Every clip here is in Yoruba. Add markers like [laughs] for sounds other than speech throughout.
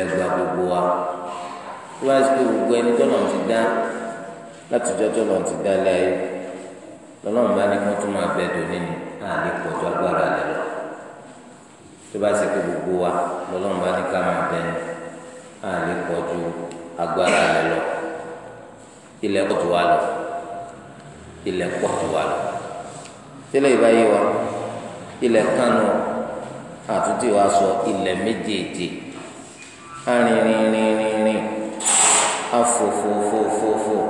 lẹ́gbàá gbogbo wa tó bá ti pé gbogbo ẹni tó náà ti dá láti jọjọ́ náà ti dá láyé lọ́lọ́run bá ní kí wọ́n tún máa bẹ dòní ni àlè pọ̀jù agbára rẹ̀ lọ tó bá ti pé gbogbo wa lọ́lọ́run bá ní ká máa bẹ ní àlè pọ̀jù agbára rẹ̀ lọ ilẹ̀ pọ̀jù wa lọ ilẹ̀ pọ̀jù wa lọ tẹ́lẹ̀ ìbáyé wa ilẹ̀ kánú àtúntì wa sọ ilẹ̀ méjèèjì arìnrìnrìnrìn ah, afòfòfòfòfò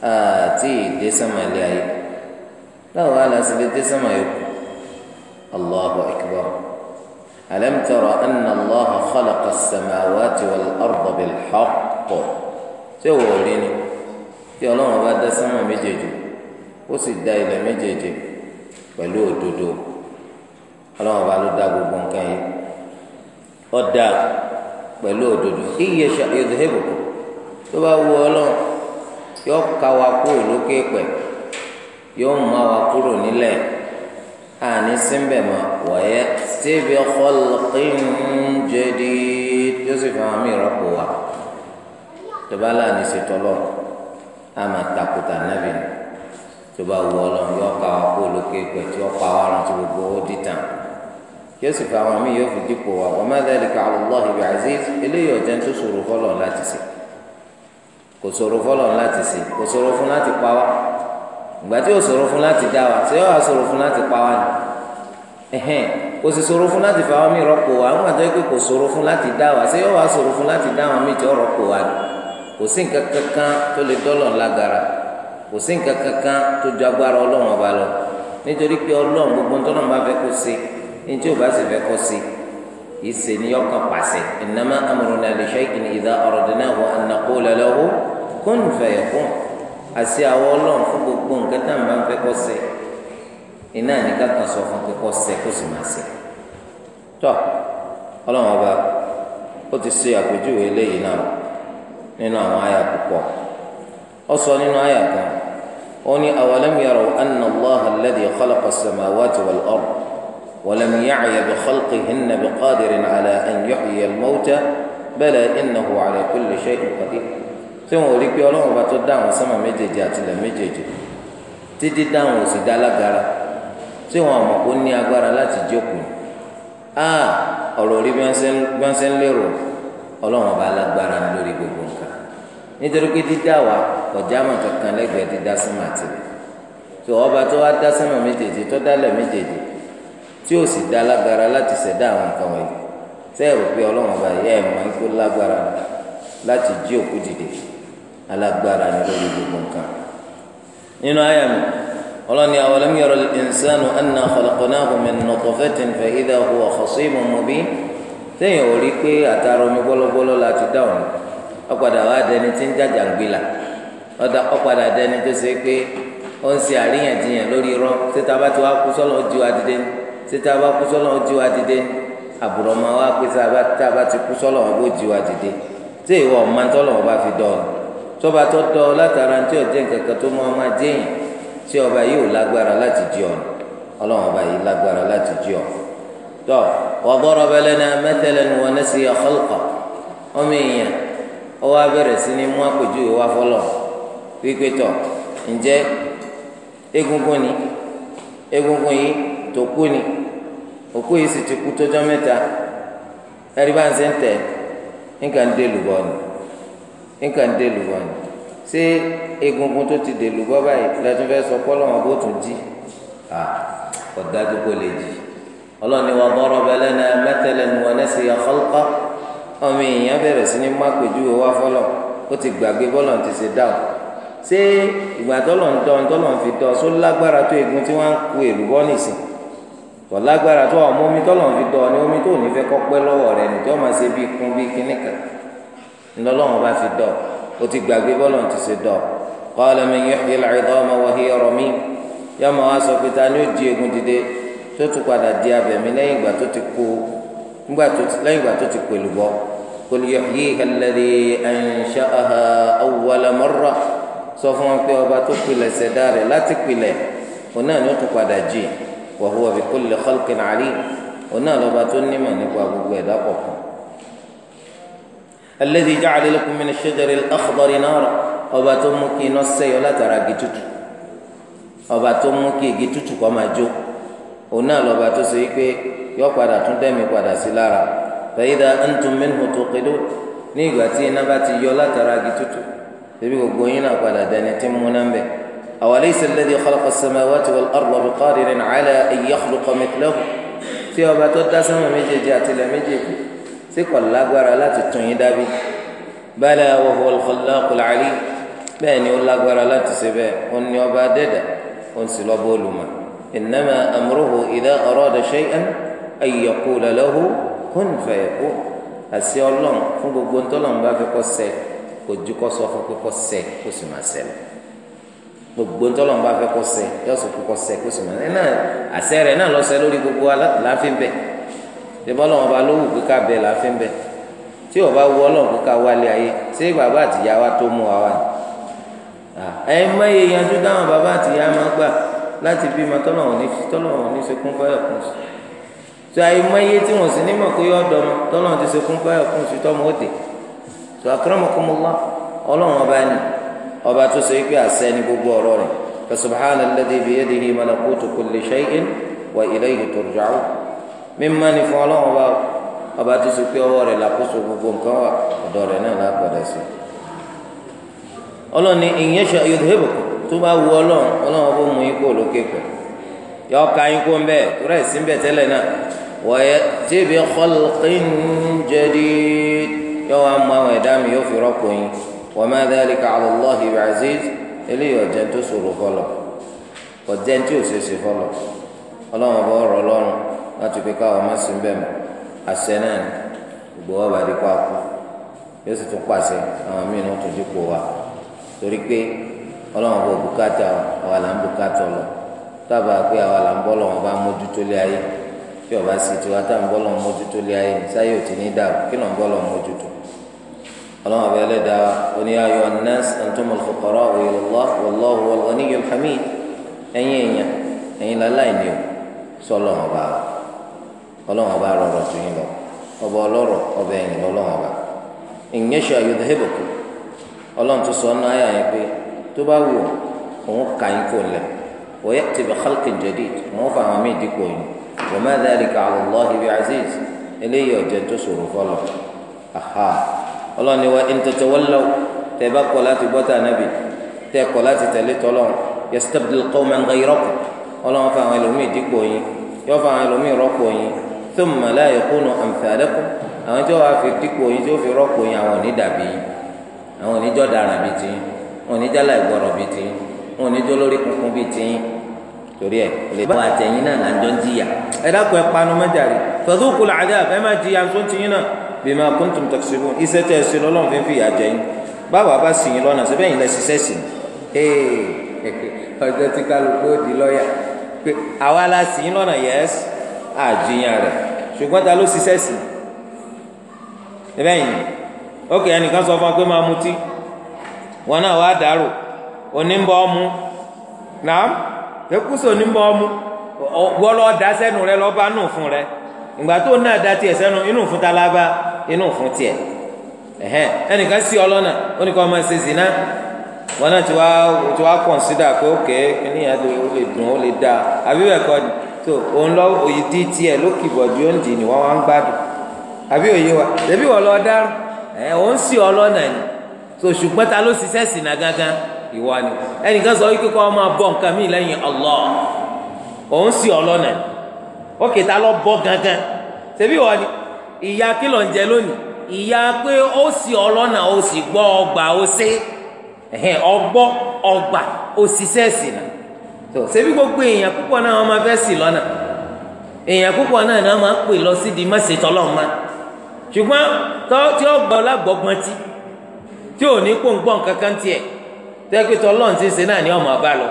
ah, àti ah, ìdè sàmàlì ayé báwo wà láti lè dé sàmà yòókù allahu akbar alam tara anna allaha khalaqa as-samawati wal arda bil haqq tí o wò rí ni tí ọlọ́run bá dá sàmà méjèèjì ó sì dá ilẹ̀ méjèèjì pẹ̀lú òdodo ọlọ́run bá ló dá gbogbo nǹkan yìí ó dáa. pẹ̀lú òdodo iye yòdòhébùkù tó bá wù ọlọ́run yóò ka wa kúrò lókè pẹ̀ yóò ma wa kúrò nílẹ̀ àní sínbẹ̀ mọ́ wọ̀nyẹ síbi khalqin jadid joseph ahmed rọ́pò wa tó bá láàánú ṣètọ́lọ́ àmà takuta nàbì tó bá ka wa kúrò lókè pẹ̀ tí ó pa wa gbogbo ó yóò sì fa àwọn míì yóò fi dípò wa wa ma dhalika ala Allahi bi aziz eléyìí ọ̀jẹ̀ tó ṣòro fọlọ̀ láti ṣe kò ṣòro fọlọ̀ láti ṣe kò ṣòro fún láti pa wá ìgbà tí ò ṣòro fún láti dá wa ṣé yóò ṣòro fún láti pa wá ni ẹ̀hẹ́n kò sì ṣòro fún láti fa àwọn míì rọ́pò wa àwọn àjọ pé kò ṣòro fún láti dá wa ṣé yóò wá fún láti dá àwọn míì tí ó rọ́pò wa ni kò sí nǹkan kankan tó lè dọ́lọ̀ lágara kò sí nǹkan kankan tó ju agbára Ọlọ́run ọba lọ nítorí pé Ọlọ́run gbogbo ń tọ́nà bá fẹ́ kó ṣe ntí o bá sì fẹ́ kọ́ sí ìṣe ni yọkàn pàṣẹ innama amruna li shay'in idha aradnahu an naqula lahu kun fayakun àti àwọn ọlọ́run fún gbogbo nǹkan tá à ń bá ń fẹ́ kọ́ sí iná ní kankan sọ fún pé kọ́ sẹ́ kó sì máa sẹ́ tọ́ ọlọ́run ọba ó ti ṣe àpèjúwe eléyìí náà nínú àwọn àyà púpọ̀ ó sọ nínú àyà kan ó ní awalam anna Allaha alladhi khalaqa as-samawati wal-ard. ولم يعي بخلقهن بقادر على أن يحيي الموتى بلى إنه على كل شيء قدير tí wọn ò rí pé ọlọ́run bá tó dá àwọn sánmà méjèèjì àtìlẹ̀ méjèèjì títí dá àwọn òsì dá lágara tí wọn àmọ̀ kó ní agbára láti jókòó a ọ̀rọ̀ rí bí wọ́n ṣe ń lérò ọlọ́run bá lágbára lórí gbogbo nǹkan nítorí pé dídá wa ọ̀já àmọ̀ kankan lẹ́gbẹ̀ẹ́ dídá sánmà tìlẹ̀ tó ọba tó wá dá sánmà méjèèjì tó dálẹ̀ méjèèjì tí ó sì dá lágara láti ṣẹ̀dá àwọn nǹkan wọ̀nyí sẹ́ẹ̀rù pé ọlọ́run ọba yẹ ẹ̀ mọ́ ikú lágbára láti jí òkú dìde alágbára ni lórí gbogbo nǹkan. nínú àyà mi ọlọ́ni awalam yara al-insanu anna khalaqnahu min nutfatin fa idha huwa khasimun mubin sẹ́yìn ò rí pé àtàrà omi bọ́lọ́bọ́lọ́ la dáhùn ọ̀padà wa dẹni tí ń jàjà gbìlà ọ̀padà dẹni tó ṣe pé ó ń ṣe àríyànjiyàn lórí irọ́ títa bá kú sọ́lọ́ ju adìde títa bá kú sọ́lọ́ jí wa dìde àbùrọ̀ máa wá pé tá a bá ti kú sọ́lọ́ wọn bó jí wa dìde tí ìwọ ọ̀ma tọ́lọ̀ wọn bá fi dọ̀ ọ́ tọ́ba tó dọ̀ ọ́ látara tí ọ̀jẹ̀ nkankan tó mọ́ ọmọ jẹ́yìn tí ọba yìí ò lágbára láti jí ọ ọlọ́run ọba yìí lágbára láti jí ọ. tọ́ wa daraba lana mathalan wa nasiya khalqa ọmọ èèyàn ó wá sí ní mú àpèjúwe wá fọlọ́ wípé tọ̀ ǹjẹ́ egungun ni egungun yìí tó kú ni òkú yìí sì ti kú tọ́jọ́ mẹ́ta ẹ̀rí bá ń ṣe ń tẹ̀ nǹkan dé lùbọ̀ ni nǹkan dé lùbọ̀ ni ṣé egungun tó ti dé lùbọ̀ báyìí lẹ́tún fẹ́ sọ pọ́ lọ́wọ́ bó tún jí ọ̀dà gbogbo lè jí ọlọ́ni wa daraba lana matalan wa nasiya khalqa ọmọ èèyàn bẹ̀rẹ̀ sí ní má pèjúwe wá fọlọ́ ó ti gbàgbé bọ́lọ̀ ti ṣe dáhùn ṣé ìgbà tọ́lọ̀ ń dán tọ́lọ̀ ń fi dán só tó egun tí wọ́n ń ku èlùbọ́ nìsín kò lágbára tó àwọn omi tọ́lọ̀ fi dọ̀ ni omi tó ní fẹ́ kọ́ pẹ́ lọ́wọ́ rẹ̀ ní tí wọ́n máa ṣe bí kún bí kíní kan ńlọ́lọ́wọ́n bá fi dọ̀ o ti gbàgbé bọ́lọ̀ ti ṣe dọ̀ qala man yuhyi al-'idhama wa hiya ramim yọmọ wa sọ pé ta ni ó di egun dìde tó tún padà di abẹ̀mí lẹ́yìn ìgbà tó ti kó lẹ́yìn ìgbà tó ti pèlú bọ́ qul yuhyiha alladhi ansha'aha awwala marra sọ fún wọn pé ọba tó pilẹ̀ ṣẹ̀dá rẹ̀ láti pilẹ̀ òun náà ni ó tún padà jí i wa huwa bi kulli khalqin alim òun náà lọ́ba tó nímọ̀ nípa gbogbo ẹ̀dá kọ̀ọ̀kan. alladhi ja'ala lakum min ash-shajari al-akhdari nara ọba tó mú kí iná sẹ́yọ látara igi tútù ọba tó mú kí igi tútù kọ́ máa jó òun náà lọ́ba tó ṣe wípé yọ padà tún dẹ́mi padà sí lára fa idha antum minhu tuqidun ní ìgbà tí iná bá ti yọ látara igi tútù ebi gbogbo yín náà padà dẹni tí ń múná bẹ́ẹ̀. أوليس الذي خلق السماوات والأرض بقادر على أن يخلق مثله tí ọba tó dá sánmà méjèèjì àtìlẹ̀ méjèèjì tí kò lágbára láti tún yín dábí bala wa huwa al-khallaqul alim bẹ́ẹ̀ ni ó lágbára láti ṣe bẹ́ẹ̀ ó ní ọba dẹ́dà ó ń sì lọ́bọ̀ olùmọ̀ innama amruhu idha arada shay'an ay yaqula lahu kun fayakun àti ọlọ́run fún gbogbo ntọ́lọ́run bá fi kọ́ sẹ́ kò ju kọ́ sọ fún pé kọ́ sẹ́ kó sì máa ṣẹlẹ̀ gbogbo ntọ́lọ̀ ń bá fẹ́ kọ́ sẹ́ yọ sọ fún kọ́ sẹ́ kó sọ mọ́ ẹ náà àṣẹ rẹ̀ náà lọ sẹ́ lórí gbogbo aláàfin bẹ̀ ṣé bọ́lọ̀ wọn bá lówù kíkà bẹ̀ láàfin bẹ̀ tí o bá wú ọlọ́run kíkà wálé ayé ṣé bàbá àtìyá wa tó mú wa wá ẹ má yẹ yanjú táwọn bàbá àtìyá máa gbà láti bí ma tọ́lọ̀ wọn ní tọ́lọ̀ wọn ní sekún fáyọ̀ kún sí tó ayé má yẹ tí wọ́n sì ní mọ̀ pé ọ̀dọ́ mọ tọ́lọ̀ wọn ti sekún fáyọ̀ kún sí ọba tó so ikpe àṣẹ ni gbogbo ọ̀rọ̀ rẹ̀ fa subhana alladhi biyadihi malakutu kulli shay'in wa ilayhi turja'u mímá ni fún ọlọ́run ọba ọba tó so ikpe ọwọ́ rẹ̀ làkóso gbogbo nǹkan wa ọ̀dọ̀ rẹ̀ náà lápàdà sí. ọlọ́ni in yasha yudhhibukum tó bá wu ọlọ́run ọlọ́run ọba mú yín kó وما ذلك على الله بعزيز eléyìí ọ̀jẹ̀ tó ṣòro fọlọ̀ ọ̀jẹ̀ tí ò fọlọ fọlọ̀ ọlọ́run ọba ọ̀rọ̀ ọlọ́run láti pé káwọn ọmọ sí bẹ́ẹ̀ mọ́ àṣẹ náà ni gbogbo ọba àdìpọ̀ àkú yóò sì tún pàṣẹ wa ọlọ́run àbẹ ẹlẹ́dàá oní ayọ̀ anas antumul fuqara ila Allah wallahu wal ghaniyyul hamid ẹ̀yin èèyàn ẹ̀yin láláì ni o sọ ọlọ́run ọba ọlọ́run ọba rọrọ̀ tó yín lọ ọba ọlọ́rọ̀ ọba ẹ̀yìn lọ́lọ́run ọba in yasha yudhhibukum ọlọ́run tó sọ ọ́nà ayà yẹn pé tó bá wù òun kà yín kò lẹ̀ wa ya'ti bi khalqin jadid wọ́n fà ọlọ́ni wa in tatawallaw tẹ bá kọ̀ láti gbọ́ tà nàbì tẹ kọ̀ láti tẹ̀lé tọ́lọ́ yastabdil qawman ghayrakum ọlọ́run fa àwọn ẹlòmíì dípò yín yọ fa àwọn ẹlòmíì rọ́pò yín thumma la yakunu amthalakum àwọn tí wọ́n fi dípò yín tí wọ́n fi rọ́pò yín àwọn òní àwọn òní dara bíi tiyín òní jálá ìgbọ̀rọ̀ bíi tiyín òní jólórí kunkun bíi tiyín torí ẹ lè bá àtẹ̀yìn náà àjọ ń jìyà ẹ dákun ẹ panu mẹ́jàre fadhuqul adhab ẹ máa jìyà tó ń tiyín náà bima iṣẹ́ tẹ̀ lọ́lọ́run fi ń fi yín báwa bá sì yín lọ́nà síbẹ̀ yín ṣiṣẹ́ sí ni ọjọ́ tí ekuso ni bọ́ ọmú wọ́n lọ da sẹ́nu rẹ lọ́ba nù fun rẹ ìgbà tó náà da tiẹ̀ sẹ́nu inú fun ta la bá inú fún tiẹ̀ ẹ̀hẹ́n ẹnìkan sí ọlọ́nà ó ní kó máa ṣe zina wọn náà ti wá ti wá kọ̀nsídà pé ókè kíní yẹn o le dùn ó lè dáa àbí bẹ́ẹ̀ kọ́ tó òun lọ òyì dí tiẹ̀ lókè ìbọ̀dù ó wá ń wa tẹ̀bí wọ́n lọ dárò ẹ̀ òun sí ọlọ́nà ni tó ṣùgbọ́n ta ló ìwà ni ẹnìkan sọ wípé kọ́ ọ máa bọ nǹkan mí lẹ́yìn Allah òun sì ọlọ́nà ó kìtà lọ gangan ṣebí ni ìyá kìlọ̀ ń jẹ lónìí ìyá pé ó sì ọlọ́nà ó sì gbọ́ ọgbà ó ṣe ọgbọ́ ọgbà ó nà tó gbogbo èèyàn púpọ̀ náà wọ́n máa fẹ́ lọ́nà èèyàn púpọ̀ náà náà máa pè lọ sídìí mọ́sẹ̀tọ́lọ́ọ̀mọ́ ṣùgbọ́n tí ó gbọ́ lágbọ́gbọ́n tí tí ò ní ń tẹ́kítọ́ ọlọ́run ti ṣe náà ni ọmọ ọba lọ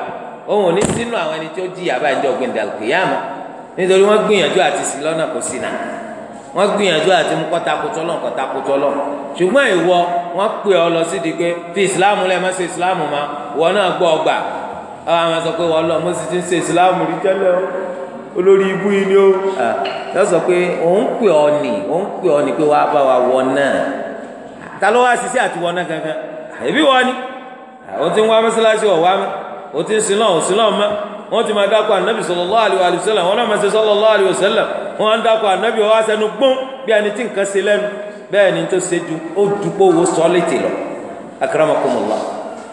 òun ò ní sínú àwọn ẹni tó jìyà bá ìjọ gbẹ̀ndà kìyàmù nítorí gbìyànjú àti sí lọ́nà kò sí náà gbìyànjú àti mú lọ́n lọ́n ṣùgbọ́n ìwọ wọ́n pè ọ lọ pé fi ìsìláàmù lẹ́ẹ̀ ma wọ́n náà gbọ́ ọgbà àwọn sọ pé wọ́n lọ ti ń ṣe ìsìláàmù rí tẹ́lẹ̀ olórí sọ pé òun pè ọ nì òun ó ti ń wá mọ́sálásí ọ̀wá mọ́ ó ti ń sin náà ó sin náà mọ́ wọ́n ti máa dákọ̀ ànábì sallallahu alaihi wasallam wọ́n náà máa ṣe sallallahu alaihi wasallam wọ́n á ń dákọ̀ ànábì ọwọ́ àṣẹnu gbọ́n bí ẹni tí nǹkan ṣe lẹ́nu bẹ́ẹ̀ ni tó ṣe ju ó dùpọ̀ wo sọ́ọ́lìtì lọ akramakumullah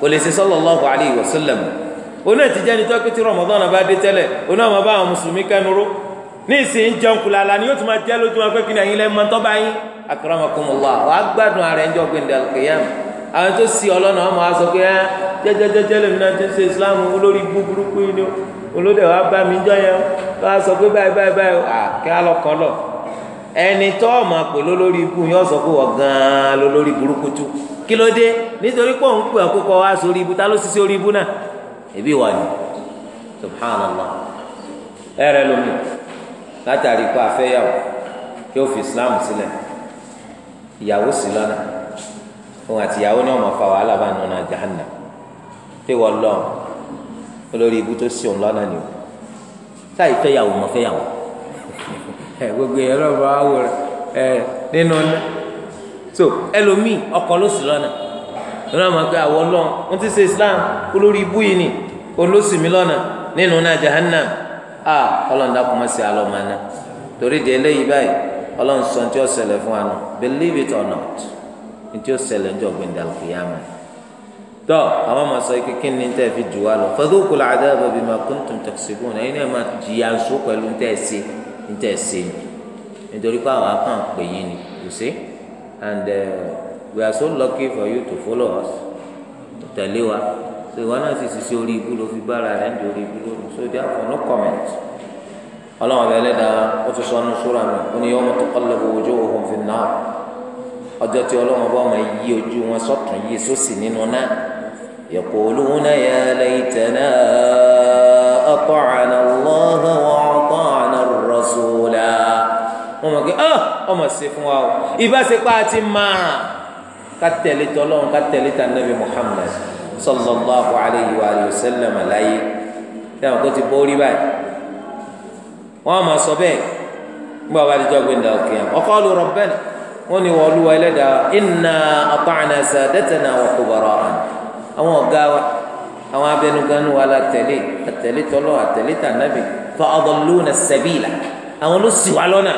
kò lè ṣe sallallahu alaihi wasallam oní oní àwọn ni yóò ti àwọn tó si ọlọ́nà ọmọ wa sọ pé ẹ eh, jẹ́jẹ́jẹ́jẹ́ lèmi náà ti ń ṣe islam olórí burúkú yìí ni olóde wa bá mi jọ yẹn lọ́wọ́ sọ pé báyìí báyìí báyìí àkẹ́ alọ́kọ́lọ́ ẹni ọmọ lólórí ikú yóò sọ pé gan-an lólórí burúkú tú kí ló dé nítorí pé òun pè ọkọ̀ wa sórí ibú ta ló sì sórí náà islam sílẹ̀ ìyàwó òun àtìyàwó ni wọn fa wàhálà bá nù náà jahanna pé wọn lọ olórí ibú tó sí òun lọ́nà ni o táyì fẹ́yàwó mọ̀ fẹ́yàwó [laughs] ẹ gbogbo yẹn lọ́wọ́ bá wò ẹ nínú ọ̀nà so ẹlòmíì ọkọ ló sì lọ́nà lọ́nà pé àwọ̀ Islam olórí ibú yìí ni lọ́nà nínú náà a ọlọ́run ntí ó ṣẹlẹ̀ ńjọ́ gbẹ̀ndà kìyàmà tọ́ àwọn ọmọ sọ kíkín ní tẹ́ fi jù wá lọ fadhuqu al-'adhaba bima kuntum taksibun ẹ̀yin náà máa jìyà nsú pẹ̀lú ntẹ́ ṣe ntẹ́ ṣe nítorí pé àwọn akàn pè yín ni kò sí and uh, we are so lucky for you to follow us tẹ̀lé wa so ìwọ náà sì ṣiṣẹ́ orí ibú ló fi bára rẹ̀ ń di orí ibú lónìí so therefore no comment ọlọ́run ọ̀bẹ ẹlẹ́dàá ó ti sọ ọ́nù sóra mi ó ní yawma taqallabu wujuhuhum fin-nar ọjọ́ tí ọlọ́run bá wọn yí ojú wọn sọ́tún yí sósì nínú náà yaquluna ya laytana ata'na Allaha wa ata'na ar-rasula wọn mọ̀ kí ọ ah, ọmọ sí fún wa o ìbáṣepọ̀ àti máa ká tẹ̀lé tọ́lọ́run ká tẹ̀lé tà nàbì Muhammad sallallahu alayhi wa sallam alayhi tẹ́wọ̀n kó ti bórí báyìí wọ́n á máa sọ bẹ́ẹ̀ gbọ́dọ̀ bá ti jọ́ gbé ndàkúnyà ọkọ̀ lu rabbana. wọ́n ní wọ́n olúwa ẹlẹ́dàá inna ata'na sadatana wa kubara'an àwọn ọ̀gá wa àwọn abẹnuganu wa la tẹ̀lé àtẹ̀lé tọ́lọ́ àtẹ̀lé tànàbì fa adalluna sabila àwọn ló sì wá lọ́nà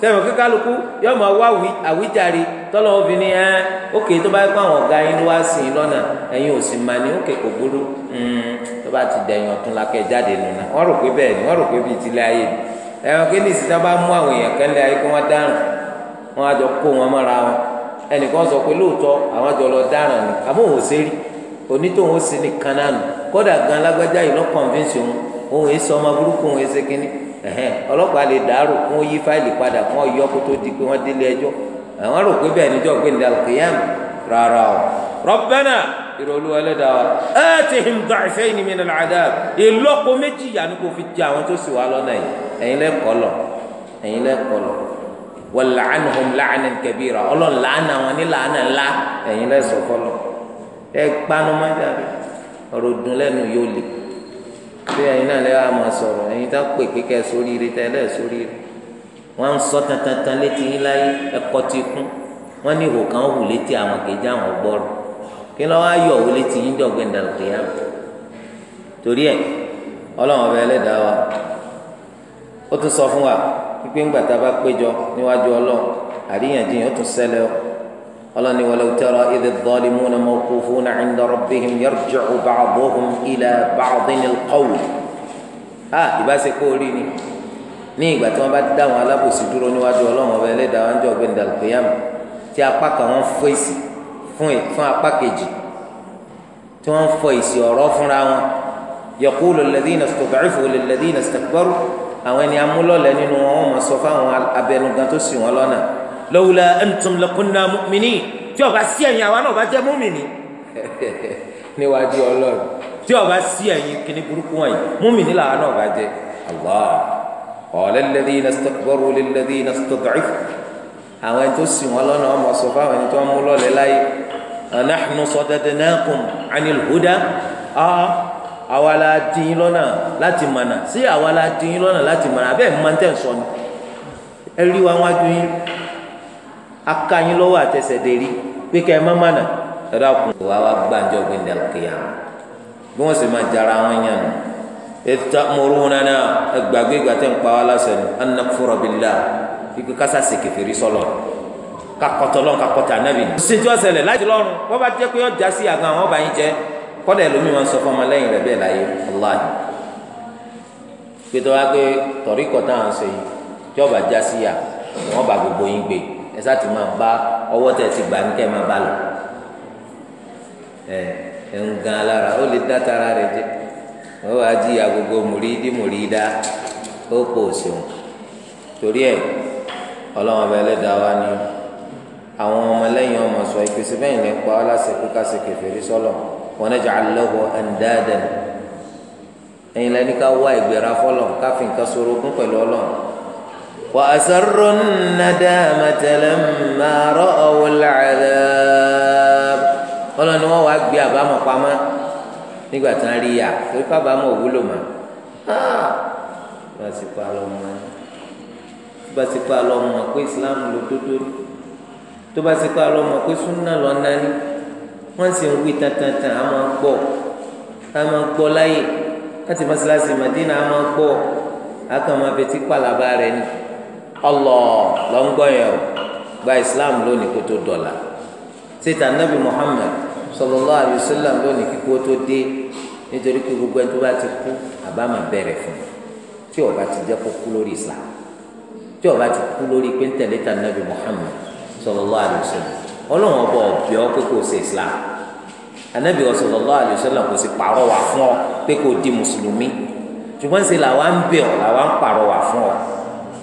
sẹ́wọ̀n yóò máa wá àwíjàre tọ́lọ́ obìnrin ẹ̀ ókè tó bá yẹ kó àwọn ọ̀gá yín wá sí i lọ́nà ẹ̀yin ò sì ní ókè kò burú hmm, tó bá ti dẹ̀yìn ọ̀tún jáde nù náà wọ́n rò pé wọn àjọ kó wọn mọ́ra wọn ẹnìkan sọ pé lóòótọ́ àwọn àjọ lọ dáràn ni àmọ́ òun ò sẹ́rí onítòhún ó sì nìkan náà nù kódà gan alágbájá yìí lọ kọ̀ǹfínsì òun òun èso ọmọ burúkú òun èso kínní ọlọ́pàá lè dàrú kún yí fáìlì padà kún ọyọ́ kó tó di pé wọ́n délé ẹjọ́ àwọn rò pé bẹ́ẹ̀ níjọ́ gbé nílẹ̀ alùpùpù rárá o rọ́bẹ́nà ìrọ̀lú ẹlẹ́dàá ẹ ti hìm dọ̀ọ̀fẹ́ yìí àdá ìlọ́po méjì yànnú kò fi jẹ àwọn tó sì wà lọ́nà yìí ẹ̀yin lẹ́kọ̀ọ́ lọ ẹ̀yin lẹ́kọ̀ọ́ lọ wal'anhum la'nan kabira ọlọ́run làánà wọn ní làánà ńlá ẹ̀yin lẹ́sọ̀ fọlọ́ ẹ kpanu má dàbí ọ̀rọ̀ dùn lẹ́nu yóò lè bí ẹ̀yin náà lẹ́yìn àmọ̀ sọ̀rọ̀ ẹ̀yin tá pè pé kẹ́ sóríire tẹ́ lẹ́ sóríire wọ́n ń sọ tantantan létí yín láyé ẹ̀kọ́ ti kún wọ́n ní ihò kan hù létí àwọn kejì àwọn gbọ́rọ̀ kí lọ́wọ́ ayọ̀ wò létí yín dọ̀gbẹ́ ndàlùkìyà torí ẹ̀ ọlọ́run ọba ẹlẹ́dàá wa ó tún sọ fún wa pípé ńgbà tá a bá péjọ níwájú ọlọ́run àríyànjiyàn ó tún ṣẹlẹ̀ o ọlọ́ni walau tara idh adh-dhalimuna mawqufuna 'inda rabbihim yarji'u ba'duhum ila ba'din al-qawl a ìbáṣe kó rí ni ní ìgbà tí wọ́n bá dá àwọn alábòsí dúró níwájú ọlọ́run ọba ẹlẹ́dàá wọn jọ gbé ndàlùkìyàmù tí apá kan wọn fọ èsì fún apá kejì tí wọ́n fọ èsì ọ̀rọ̀ fúnra wọn yaqulu alladhina istud'ifu lilladhina istakbaru àwọn ẹni amúlọ̀lẹ̀ nínú wọn wọ́n mọ̀ sọ fáwọn abẹnugan tó sì wọ́n lọ́nà lawla antum lakunna mu'minin tí ó bá sí ẹ̀yin àwa náà bá jẹ́ mùmìnì [laughs] níwájú ọlọ́run tí ó sí ẹ̀yin kíní burúkú wọ̀nyí mùmìnì làwa náà bá jẹ́ àwọn ẹni tó sì wọ́n lọ́nà wọ́n mọ̀ sọ fáwọn ẹni tó amúlọ̀lẹ̀ láyé anahnu sadadnakum anil huda ah àwa la dín in lọ́nà láti mànà sí àwa la dín in lọ́nà láti mànà abẹ́ ẹ̀ máa ń tẹ̀ sọ ni ẹ rí wa wá ju yín aka yín lọ́wọ́ àtẹsẹ̀dẹ̀ rí pé kẹ́ ẹ má mànà ẹ dákun. wàá wá gbàǹjọ gbẹ̀ndẹ̀ kìyà bí wọ́n sì máa jara wọn yàn nù ètò amúrúnana ẹgbàgbé gbàtẹ́ ń pa wá lásán ni anakfura billah ikú kásá sì kẹfìrí sọlọ kakọtọ lọ kakọtọ anabi. ṣèjọ́ sẹlẹ̀ láti lọ́rùn wọ́n bá jẹ́ pé ọjà kọ́dà elu máa ń sọ fún ọmọlẹ́yìn rẹ̀ bẹ́ẹ̀ láyé ọláhì pété wá pé táwọn ṣe tí ọba já sí yà wọ́n bá gbogbo yín gbé ẹ bá ọwọ́ tẹ̀ ti gbà ní kẹ́ ẹ máa bá lọ ẹ ẹ ń gan alára ó lè dá tara jẹ wọ́n wá jí ya gbogbo mùrídí ó pò sùn torí ẹ àwọn ọmọ sọ ìpèsè ونجعل له أندادا ẹ̀yin lẹni ká wá ìgbéra fọlọ káfíń ká sorogún pẹ̀lú Ọlọ́run wà á sọ̀rọ̀ nàdá màtẹlẹ màrọ ọwọ làdá Ọlọ́run ni wọn wàá gbé àbámọ̀ pamọ́ nígbà tí wọn rí yà torí ká àbámọ̀ òwúlò mà ah! bá ti mọ bá ti pa lọ pé Islam ló dódó tó bá ti pa pé súnà lọ nání wọ́n sì ń wí tantantan a máa gbọ́ a máa gbọ́ láyè láti mọ́sálásí Madina a máa gbọ́ a kàn máa fetí pàlàbà rẹ̀ ni Allah lọ ń gbọ́ yẹn o gba Islam lónìí kó tó dọ̀la síta nabi Muhammad sallallahu alaihi wasallam lónìí kíkó tó dé nítorí pé gbogbo ẹni tó bá ti kú àbá máa bẹ̀rẹ̀ fún un tí ó bá ti jẹ́ kó kú lórí Islam tí ó ti kú lórí pé ń tẹ̀lé ta nabi Muhammad sallallahu alaihi wasallam. ọlọ́run ọba ọ̀bẹ ọ pé kò ṣe islam anabi sallallahu alaihi wasallam kò sì pàrọwà fún ọ di mùsùlùmí ṣùgbọ́n ṣe làwa ń bẹ̀ ọ́ làwa ń pàrọwà fún ọ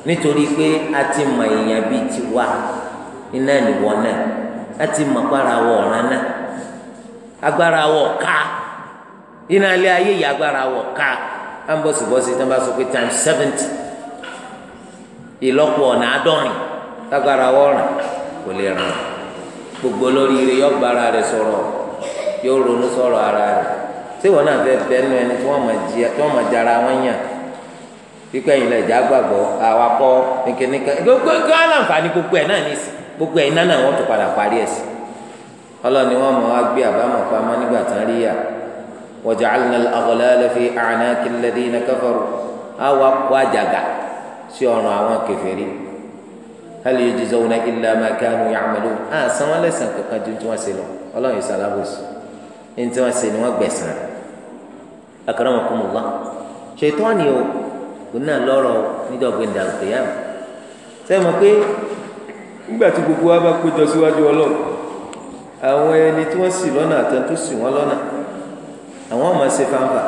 nítorí pé a ti mọ èèyàn bíi ti mọ agbára wọ ọ̀ràn náà agbára wọ ká iná ilé ayé yìí agbára wọ ká ń tí wọ́n bá sọ pé times seventy ọ̀nà àádọ́rin agbára wọ ọ̀ràn kò lè ràn án. gbogbo olóríire yọ gba ara rẹ sọ̀rọ̀ yóò ronú sọ̀rọ̀ ara rẹ ṣé wọn náà fẹ́ bẹnu ẹni tí wọn máa jẹ ara wọn yàn pípẹ́ yìí lọ ìjà gbàgbọ́ àwa kọ́ nìkẹ́nìkẹ́ gbogbo gbogbo aláǹfààní gbogbo ẹ̀ náà nìsí gbogbo ẹ̀ iná náà wọ́n tún padà parí ẹ̀ sí ọlọ́ni wọn mọ̀ wá gbé àbámọ̀ pamọ́ nígbà tán rí yà waja'alna al-aghlala fi a'naqi alladhina kafaru àwa kó àjàgà sí ọ̀run àwọn kèfèrí hal yujzawna illa ma kanu ya'malun à sanwó lẹ́sàn kankan ju tí wọ́n ṣe lọ ọlọ́run yìí sálábòsì ní tí wọ́n ṣe ni wọ́n gbẹ̀sán akramakumullah ṣètọ́ni o òun náà lọ́rọ̀ níjọba ìdàgbéyàwó sẹ́yìn mọ̀ pé nígbà tí gbogbo wa bá péjọ síwájú ọlọ́run àwọn ẹni tí wọ́n sì lọ́nà àtẹ̀tún sì wọ́n lọ́nà àwọn ọmọ ṣe fanfa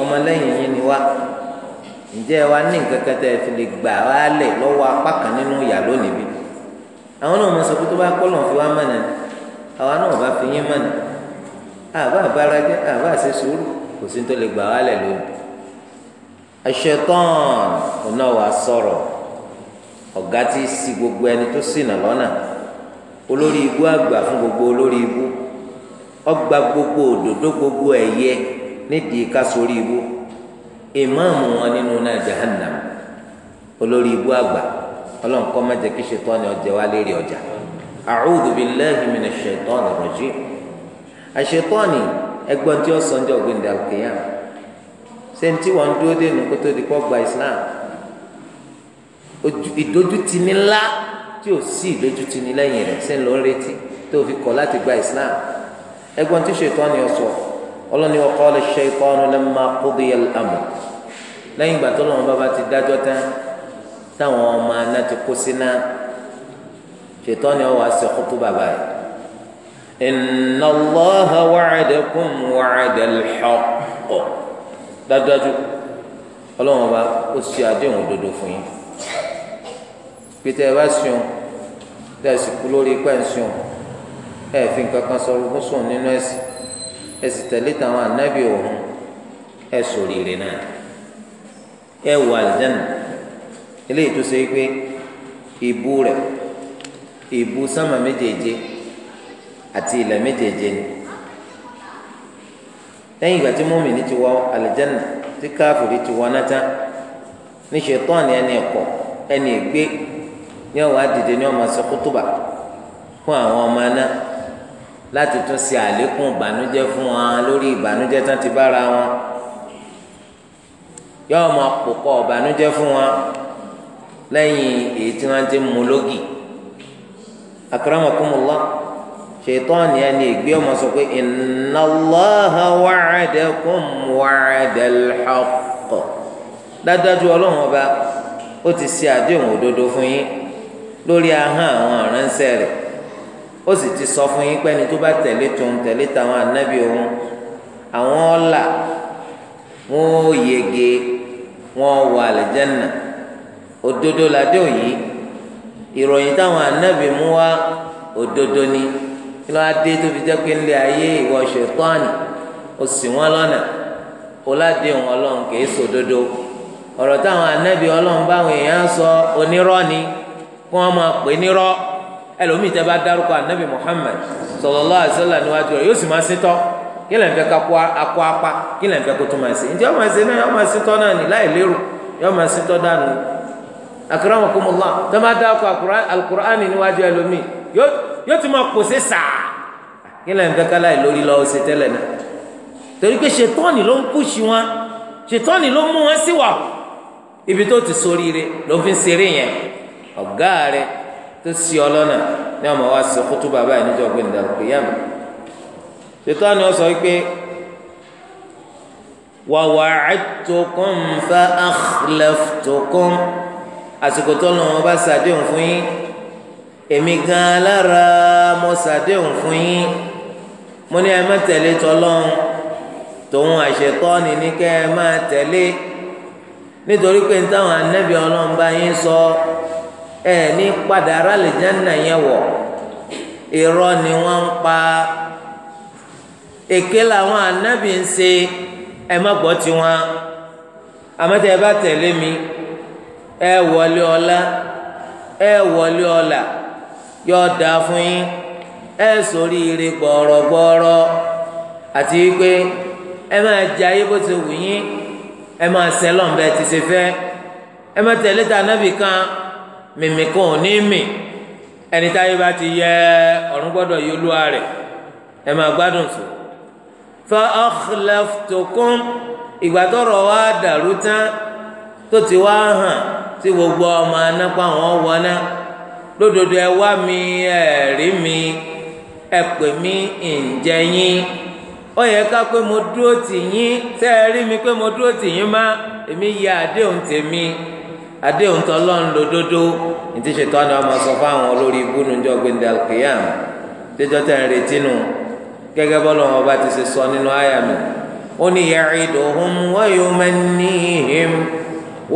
ọmọ lẹ́yìn yín ni wá ǹjẹ́ ẹ wá ní nǹkan kan tẹ́ ẹ fi lè gbà wá lẹ̀ lọ́wọ́ apá kan nínú ìyà lónìí bí àwọn náà mọ̀ sọ pé tó bá kọ́ lọ́n fi wá mọ̀nà àwa náà bá fi yín mọ̀nà àbá àbára jẹ́ àbá àṣẹ sùúrù kò sí tó lè gbà wá lẹ̀ lónìí. Ṣẹ̀tán ọ̀nà wa sọ̀rọ̀ ọ̀gá tí si gbogbo ẹni tó ṣìnà lọ́nà olórí ibú àgbà fún gbogbo olórí ibú ọgbà gbogbo òdòdó gbogbo ẹ̀yẹ nídìí ká sórí ibú. Imaamu wọn nínú náà jahannam olórí ibú àgbà ọlọ́run má jẹ́ kí ṣètọ́ni ọjà wa lérí ọjà a'udhu billahi minash shaitani rajim àṣetọ́ni ẹgbọ́n tí ó sọ ọjọ́ gbẹ̀ndẹ̀ àlùkìyà ṣé ní tí wọ́n dúró dénú kó tó di kó gba Islam ìdójútì ní ńlá tí ò sí ìdójútì ní lẹ́yìn rẹ̀ gba Islam ẹgbọ́n tí ọlọ́ni wa qala ash-shaytanu lamma qudiya al-amr lẹ́yìn ìgbà tó lọ́wọ́ bàbá ti dájọ́ tán táwọn ọmọ aná ti kó síná ṣètọ́ni ọwọ́ àṣẹ kótó bàbá yìí. inna Allaha wa'adakum wa'ada al-haqq dájúdájú ọlọ́wọ́n bá ó ṣe àdéhùn òdodo fún yín pété ẹ bá sùn tẹ̀sí kú lórí pẹ́ńsùn ẹ̀ fi nǹkan kan sọ ogún ẹ sì tẹ̀lé tàwọn ànábì òun ẹ sòrìrì náà ẹ wọ àlìjáná eléyìí tó ṣe é pé ìbú rẹ̀ ìbú sámà méjèèje àti ilẹ̀ méjèèje ni lẹ́yìn ìgbà tí mọ́mìnì ti wọ àlìjáná tí káfíìrì ti wọ náà tán níṣẹ́ tán ni ẹni ẹ̀kọ́ ẹni ẹ̀gbé ní ọ̀wá dìde ní ọmọ sọ kútùbà fún àwọn ọmọ náà láti tún ṣe àlékún ìbànújẹ́ fún wọn lórí ìbànújẹ́ tán ti bára wọn yóò mọ pòpọ̀ ìbànújẹ́ fún wọn lẹ́yìn èyí tí wọ́n ti ń mu lógì akramakumullah ṣètọ́ọ̀nì ẹni ìgbé ọmọ sọ pé inna Allaha wa'adakum wa'adal ọlọ́run ọba ó ti ṣe àdéhùn òdodo fún yín lórí ahọ́n àwọn aránṣẹ́ rẹ̀ ó sì ti sọ fún yín pé ẹni tó bá tẹ̀lé tòun tẹ̀lé tàwọn ànábì òun àwọn ọ̀la wọn ò yege wọn ò wọ àlìjẹ́nà òdodo làdé òyì ìròyìn táwọn ànábì mú wá òdodo ni kí ló á dé tó fi jẹ́ pé ńlẹ̀ ayé ìwọ ṣètọ́ọ̀nì ó sì wọ́n lọ́nà ó ládé òun ọlọ́run kì sòdodo ọ̀rọ̀ táwọn ànábì ọlọ́run báwọn èèyàn sọ onírọ́ ni kí wọ́n máa pè nírọ́ ẹlòmíì tẹ bá dárúkọ anabi muhammed sallallahu alaihi wasallam níwájú rẹ yóò sì máa sétọ kí lè fẹ́ kakọ akọ apá kí lè fẹ́ kó tó máa ṣe ntí ọmọ ẹsẹ náà ọmọ sétọ náà ní láì lérò yọmọ sétọ dànù akramakumullah tẹ bá dárúkọ alukur'ani níwájú ẹlòmíì yóò ti máa pòṣe sàá kí lè fẹ́ kálá ìlórí lọ́wọ́ ṣe tẹ́lẹ̀ náà torí pé ṣètọ́ni ló ń kùsì wọn ṣètọ́ni ló mú wọn síwà ibi tó ti sóríire ló fi ń ṣeré tó sì ọ lọ́nà ní ọmọ wa sọ kótó bàbá yìí níjọ́ pé nìdàrú pé yàmù ṣètò àná sọ pé wa wa'adtukum fa akhlaftukum àsìkò tó lọ́wọ́ bá ṣàdéhùn fún yín èmi gan alára mo ṣàdéhùn fún yín mo ní ẹ má tẹ̀lé tọ́lọ́hún tòun àṣetọ́ni ní kẹ́ ẹ má tẹ̀lé nítorí pé ní táwọn anábìá ọlọ́run bá yín sọ. So, ẹ ní padà rálẹ̀ jẹ́nà yẹn wọ̀ irọ́ ni wọ́n ń pa èké làwọn anábì ń ṣe ẹ má gbọ́ tiwọn àmọ́tẹ́ ẹ bá tẹ̀lé mi ẹ wọlé ọlá ẹ wọlé ọlà yóò dáa fún yín ẹ sórí ire gbọ̀rọ̀gbọ̀rọ̀ àti wípé ẹ máa jẹ ayé bó ti wù yín ẹ máa sẹ́lọ̀ ń bẹ́ẹ̀ ti ṣe fẹ́ ẹ má tẹ̀lé ta anábì kan mímí kò ní mì ẹni táyé bá ti yẹ ọ̀run gbọ́dọ̀ yí olúwa rẹ̀ ẹ máa gbádùn tó. fa akhlaftukum ìgbà tọrọ wa dàrú tán tó ti wá hàn tí gbogbo ọmọ anápá wọn wọná lódodo ẹ wá mi ẹ rí mi ẹ pè mí ǹjẹ́ yín ó yẹ ká pé mo dúró tì yín tẹ́ ẹ rí mi pé mo dúró tì yín má èmi yẹ àdéhùn tèmi àdéhùn tó lọ́n lo dódó ètí ṣètò àná ọmọ sọ fáwọn olórí ibùnú jọ gbẹndẹ alqiyam tẹjọ tẹ ń retí nu gẹ́gẹ́ bọlọ wọn bá ti ṣe sọ nínú àyà mi ó ní ya'iduhum wa yumannihim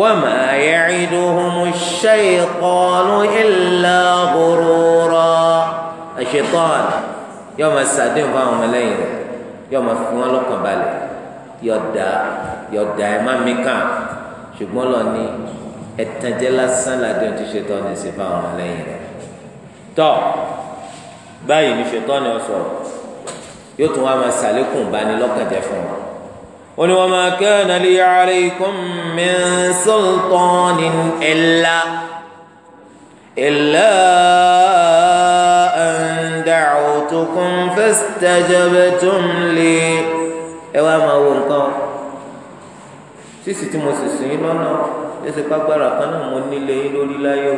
wa ma ya'iduhum ash-shaytanu illa ghurura ash-shaytan yóò máa ṣàdéhùn fáwọn ọmọlẹ́yìn rẹ̀ yóò máa fi wọn lọ́kàn balẹ̀ yóò da yóò da ẹ má mi kàn ṣùgbọ́n lọ ní ẹ̀tànjẹ́ lásán làdé ohun tí ṣètọ́ni ṣe fáwọn ọmọlẹ́yìn rẹ̀ tọ́ báyìí ni ṣètọ́ni ọ̀sọ̀ yóò tún wá máa ṣàlékún ìbánilọ́kànjẹ́ fún wọn. wọ́n ní wa ma kana li alaykum min sultanin illa illa an da'utukum fastajabtum li ẹ wá máa wo nǹkan sísì tí mo sì sìn yín lọ́nà ẹsẹ pàgbára kan náà mo nílé yín lórí láyé o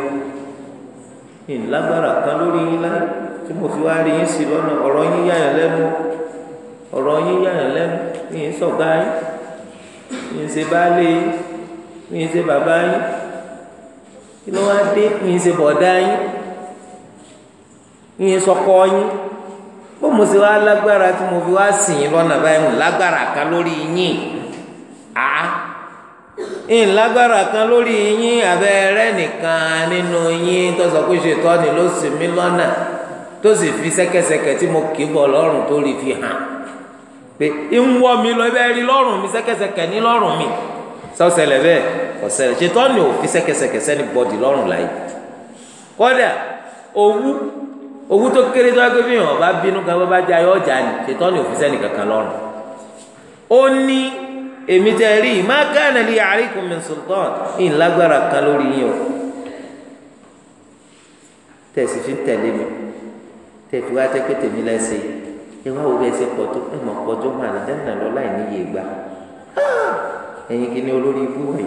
yìí lágbára kan lórí yín láyé tí mo fi wá rí yín sí lọ́nà ọ̀rọ̀ yín yàyàn lẹ́nu ọ̀rọ̀ yín yàyàn lẹ́nu yìí sọ̀gá yín yìí ṣe baálé yín yìí ṣe bàbá yín kí ló wá dé yìí ṣe bọ̀dá yín yìí sọkọ yín bó mo ṣe wá lágbára tí mo fi wá sìn yín lọ́nà báyìí lágbára kan lórí yín àá ìlágbára kan lórí yín abẹ́rẹ́ nìkan nínú yín tó sọ pé ṣètọ́ni ló sì mí lọ́nà tó sì fi sẹ́kẹsẹkẹ tí mo kì í bọ̀ lọ́rùn tó rí fi hàn pé ń wọ́ mi lọ ẹbẹ́ rí lọ́rùn mi sẹ́kẹsẹkẹ ní lọ́rùn mi sọ́sẹ̀lẹ̀ bẹ́ẹ̀ ọ̀sẹ̀lẹ̀ ṣètọ́ni ò fi sẹ́kẹsẹkẹ sẹ́ni bọ́dì lọ́rùn láyé kódà owú owú tó kéré tó wáyé fi hàn bá bínú kan bá bá jẹ ayé ọjà ni ṣètọ́ni ò fi sẹ́ni kankan lọ́rùn ó ní èmi tẹ rí i má gánà lè àríkùn min sultan ní lágbára kan lórí yín o tẹ̀sí fi ń tẹ̀lé mi tẹ̀fí wá tẹ́ pé tèmi lẹ́sẹ̀ ẹ wá wo bí ẹsẹ̀ pọ̀ tó ẹ mọ̀ pọ̀ tó mà ní dáná lọ láì níyè gbà ẹ̀yin kìíní olórí ibú wọ̀nyí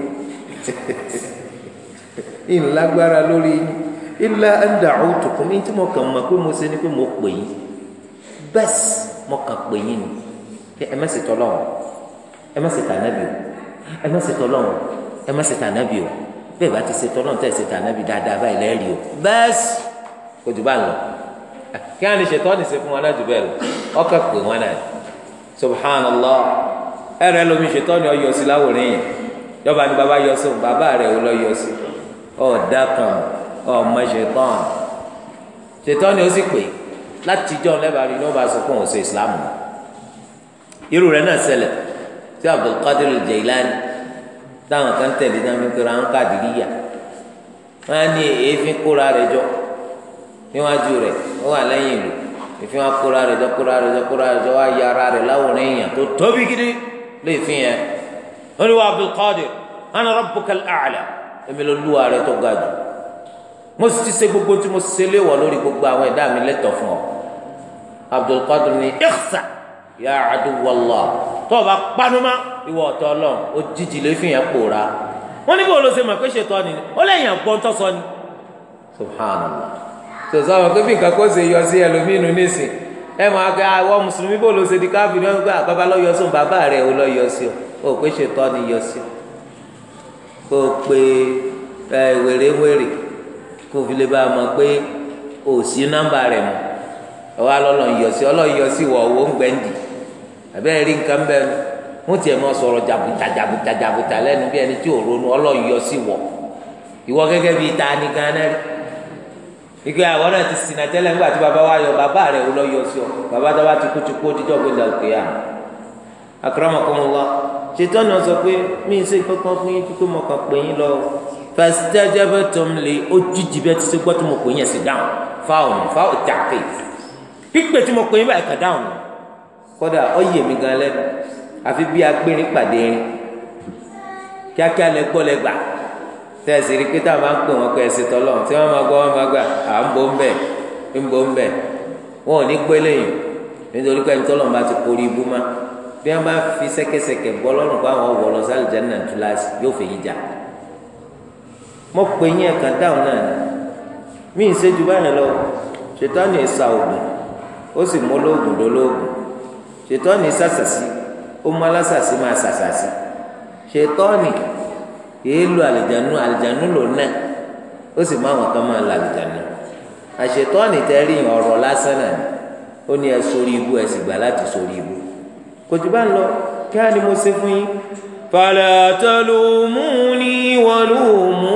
[laughs] ní lágbára lórí yín ilá ń dà ó ní tí mo kàn mọ̀ pé mo ṣe ni pé mo pè yín bẹ́ẹ̀ mo kàn pè yín ni ẹ mẹ́sì tọ́lọ́run ẹ má ṣe tà nábì o ẹ má ṣe tọlọ́run ẹ má ṣe tà nábì o bẹ́ẹ̀ bá ti ṣe tọlọ́run tẹ̀ ṣe tà nábì dáadáa báyìí lẹ́ẹ̀rí o bẹ́ẹ̀sì kò jù bá ń lọ kí á lè ṣètò ọ́nì fún wọn náà jù bẹ́ẹ̀ lọ ọkọ̀ pè wọn náà subhanallah ẹ rẹ lomi ṣètò ọ́nì ọyọ sí láwòrán yẹn yọba ni baba yọ sí bàbá rẹ ò lọ yọ sí ọ dákan ọmọ ṣètò ọ́nì ṣètò ọ́nì irú rẹ náà ṣẹlẹ̀ tí Abdulkadir Jailani táwọn kan tẹ̀lé náà fi ra ń kàdìríyà wọn á ní èéfín kóra rẹ̀ jọ níwájú rẹ̀ ó wà lẹ́yìn ìlú èéfín wa kóra rẹ̀ jọ kóra rẹ̀ jọ kóra rẹ̀ jọ wá ya ara rẹ̀ láwòrán èèyàn tó tóbi gidi lè fi yẹn wọn ni wọn Abdulkadir ana rabbuka al-a'la èmi ló lù ààrẹ tó ga jù mo ti ṣe gbogbo tí mo ṣe léwọ lórí gbogbo àwọn ẹ̀dá mi lẹ́tọ̀ fún ọ Abdulkadir ni ikhsa yà àdúwọlọ tó o bá panumá ìwọ ọtọ Ọlọ́run ó jíjì lè fìyàn pòórá wọn níbi wo ló ṣe mọ pé ṣètò ni ó lẹ́yìn àgbọntọ sọ ni subhanallah tó sọ pé bí nǹkan kó ṣe yọ sí ẹlòmínú nísìn ẹ mọ akẹ ah, àwọn mùsùlùmí bò ló ṣe di káfíìn wọn gbé ah, àbábá lọ yọ sóun bàbá rẹ ò lọ yọ sí o ò pé ṣètò ni yọ sí o kó o pé ẹ wèrèwèrè kó o fi lè bá a mọ pé o sí nọ́mbà rẹ mọ ẹ wá lọ yọ sí ọ yọ sí wọ owó ń gbẹǹdì àbẹ́ rí nǹkan bẹ́ẹ̀ nu wọ́n tiẹ̀ mọ sọ̀rọ̀ jàbùtà jàbùtà jàbùtà lẹ́nu bí ẹni tí ò ronú yọ sí wọ̀ ìwọ gẹ́gẹ́ bíi ta ni ganan rí ìgbé àwọn náà ti ṣìnà tẹ́lẹ̀ nígbà tí bàbá wa yọ bàbá rẹ̀ wọ́n lọ yọ sí ọ bàbá tó bá ti kú ti kú dídọ́ gbẹdà òkè yà akramakumullah ṣètò náà sọ pé mí ṣe kankan fún yín kíkó mọ̀ kàn pé yín lọ fastajabtum li ojújì bẹ́ẹ̀ ti ṣe gbọ́ tí mo pè yín ẹ̀ sì dáhùn fáwọn fáwọn tàkì pípé tí mo pè yín báyìí kà dáhùn kódà ọyẹ mi gan lẹ́nu àfi bí agbérin pàdé irin kíákíá lẹ gbọ́ lẹ gbà tẹsí rí pé táwọn máa ń pè wọn pé ẹsẹ tọlọ tí wọn máa gbọ́ wọn máa gbà à ń bọ ń ń bọ ń wọn ò ní ti ibú má bí wọn fi bọ pé àwọn lọ yóò yíjà mọ pé yín ẹka dáhùn ṣètọ́ni sàṣàṣì ó mú alásàṣì máa sàṣàṣì ṣètọ́ni kìí lu àlìjánu àlìjánu lò náà ó sì máa wọn kan máa lu àlìjánu àṣetọ́ni tẹ́rí ọ̀rọ̀ lásán náà ni ó ní ẹ sórí ibú ẹ sì gbà láti sórí ibú kò jù bá ń lọ kí á ní mo ṣe fún yín. fala talumuni walumu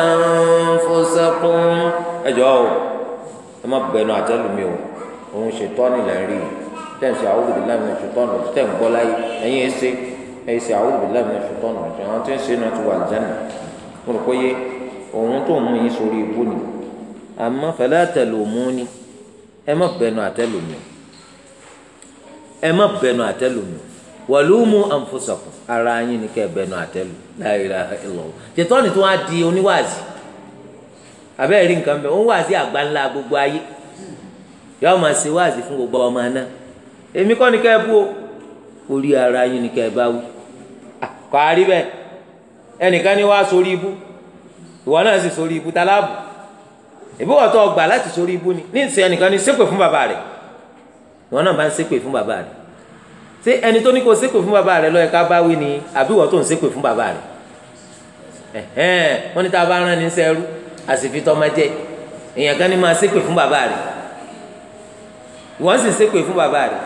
anfusakum ẹjọ́ ẹ má bẹnu àtẹ́lùmí o òun ṣètọ́ni lẹ́ ń rí tẹ̀sí a'udhu billahi minash shaitani rajim tẹ̀ ń gbọ́ láyé ẹ̀yin ẹ̀ṣẹ̀ ẹ̀yin ṣe a'udhu billahi minash shaitani rajim àwọn tí ń ṣe náà ti wà àlùjáná mo rò pé yé òun tó mú yín sórí ibú ni àmọ́ fala talumuni ẹ má bẹnu àtẹ́lù mi ẹ má bẹnu àtẹ́lù mi walumu anfusakum ara yín ni kẹ́ bẹnu àtẹ́lù la yọọ máa ṣe wáàzì fún gbogbo ọmọ náà èmi kọ́ ni ká ẹ bú o orí ara yín ni ká ẹ bá wí kọ́ àárí bẹ́ẹ̀ ẹnìkan ni wàá sórí ibú ìwọ náà sì sórí ibú taláàbù ìbúwọ̀ tó gbà láti sórí ibú ni ní ìsìn ẹnìkan ni ṣépè fún bàbá rẹ̀ ìwọ náà bá ń ṣépè fún bàbá rẹ̀ ṣé ẹni tó ní kó ṣépè fún bàbá rẹ̀ lọ́yẹ̀ká bá wí ni àbí ìwọ tó ń ṣépè fún bàbá rẹ̀ ẹ̀hẹ́n wọ́n ní tá a bá rán ni sẹ́rú àsìfitọ́ máa jẹ́ kan ní máa ṣépè fún bàbá rẹ̀ wọ́n sì ṣépè fún bàbá rẹ̀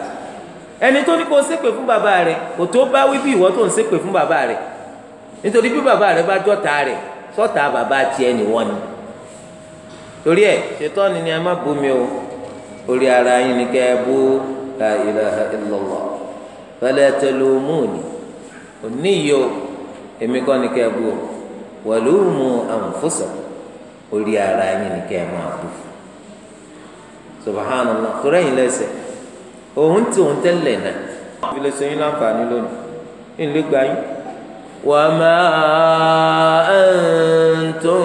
ẹni tó ní kó ṣépè fún bàbá rẹ̀ kò tó bá wí bí ìwọ tó ń ṣépè fún bàbá rẹ̀ nítorí bí bàbá rẹ̀ bá jọ́ta rẹ̀ sọ́ta bàbá tiẹ̀ ni wọ́n ni torí ẹ̀ ṣètọ́ni ni ẹ má bomi o orí ara yín ni kẹ́ ẹ bú la ilaha illallah fala talumuni òní yìí èmi kọ́ ni kẹ́ ẹ bú o walumu anfusakum orí ara yín ni kẹ́ ẹ máa bú o subhanallah torí ẹ̀yin lẹ́sẹ̀ òun tí òun tẹ́lẹ̀ náà. wọ́n fi lè sọ yín láǹfààní lónìí ní ìlú gba yín. wa ma antum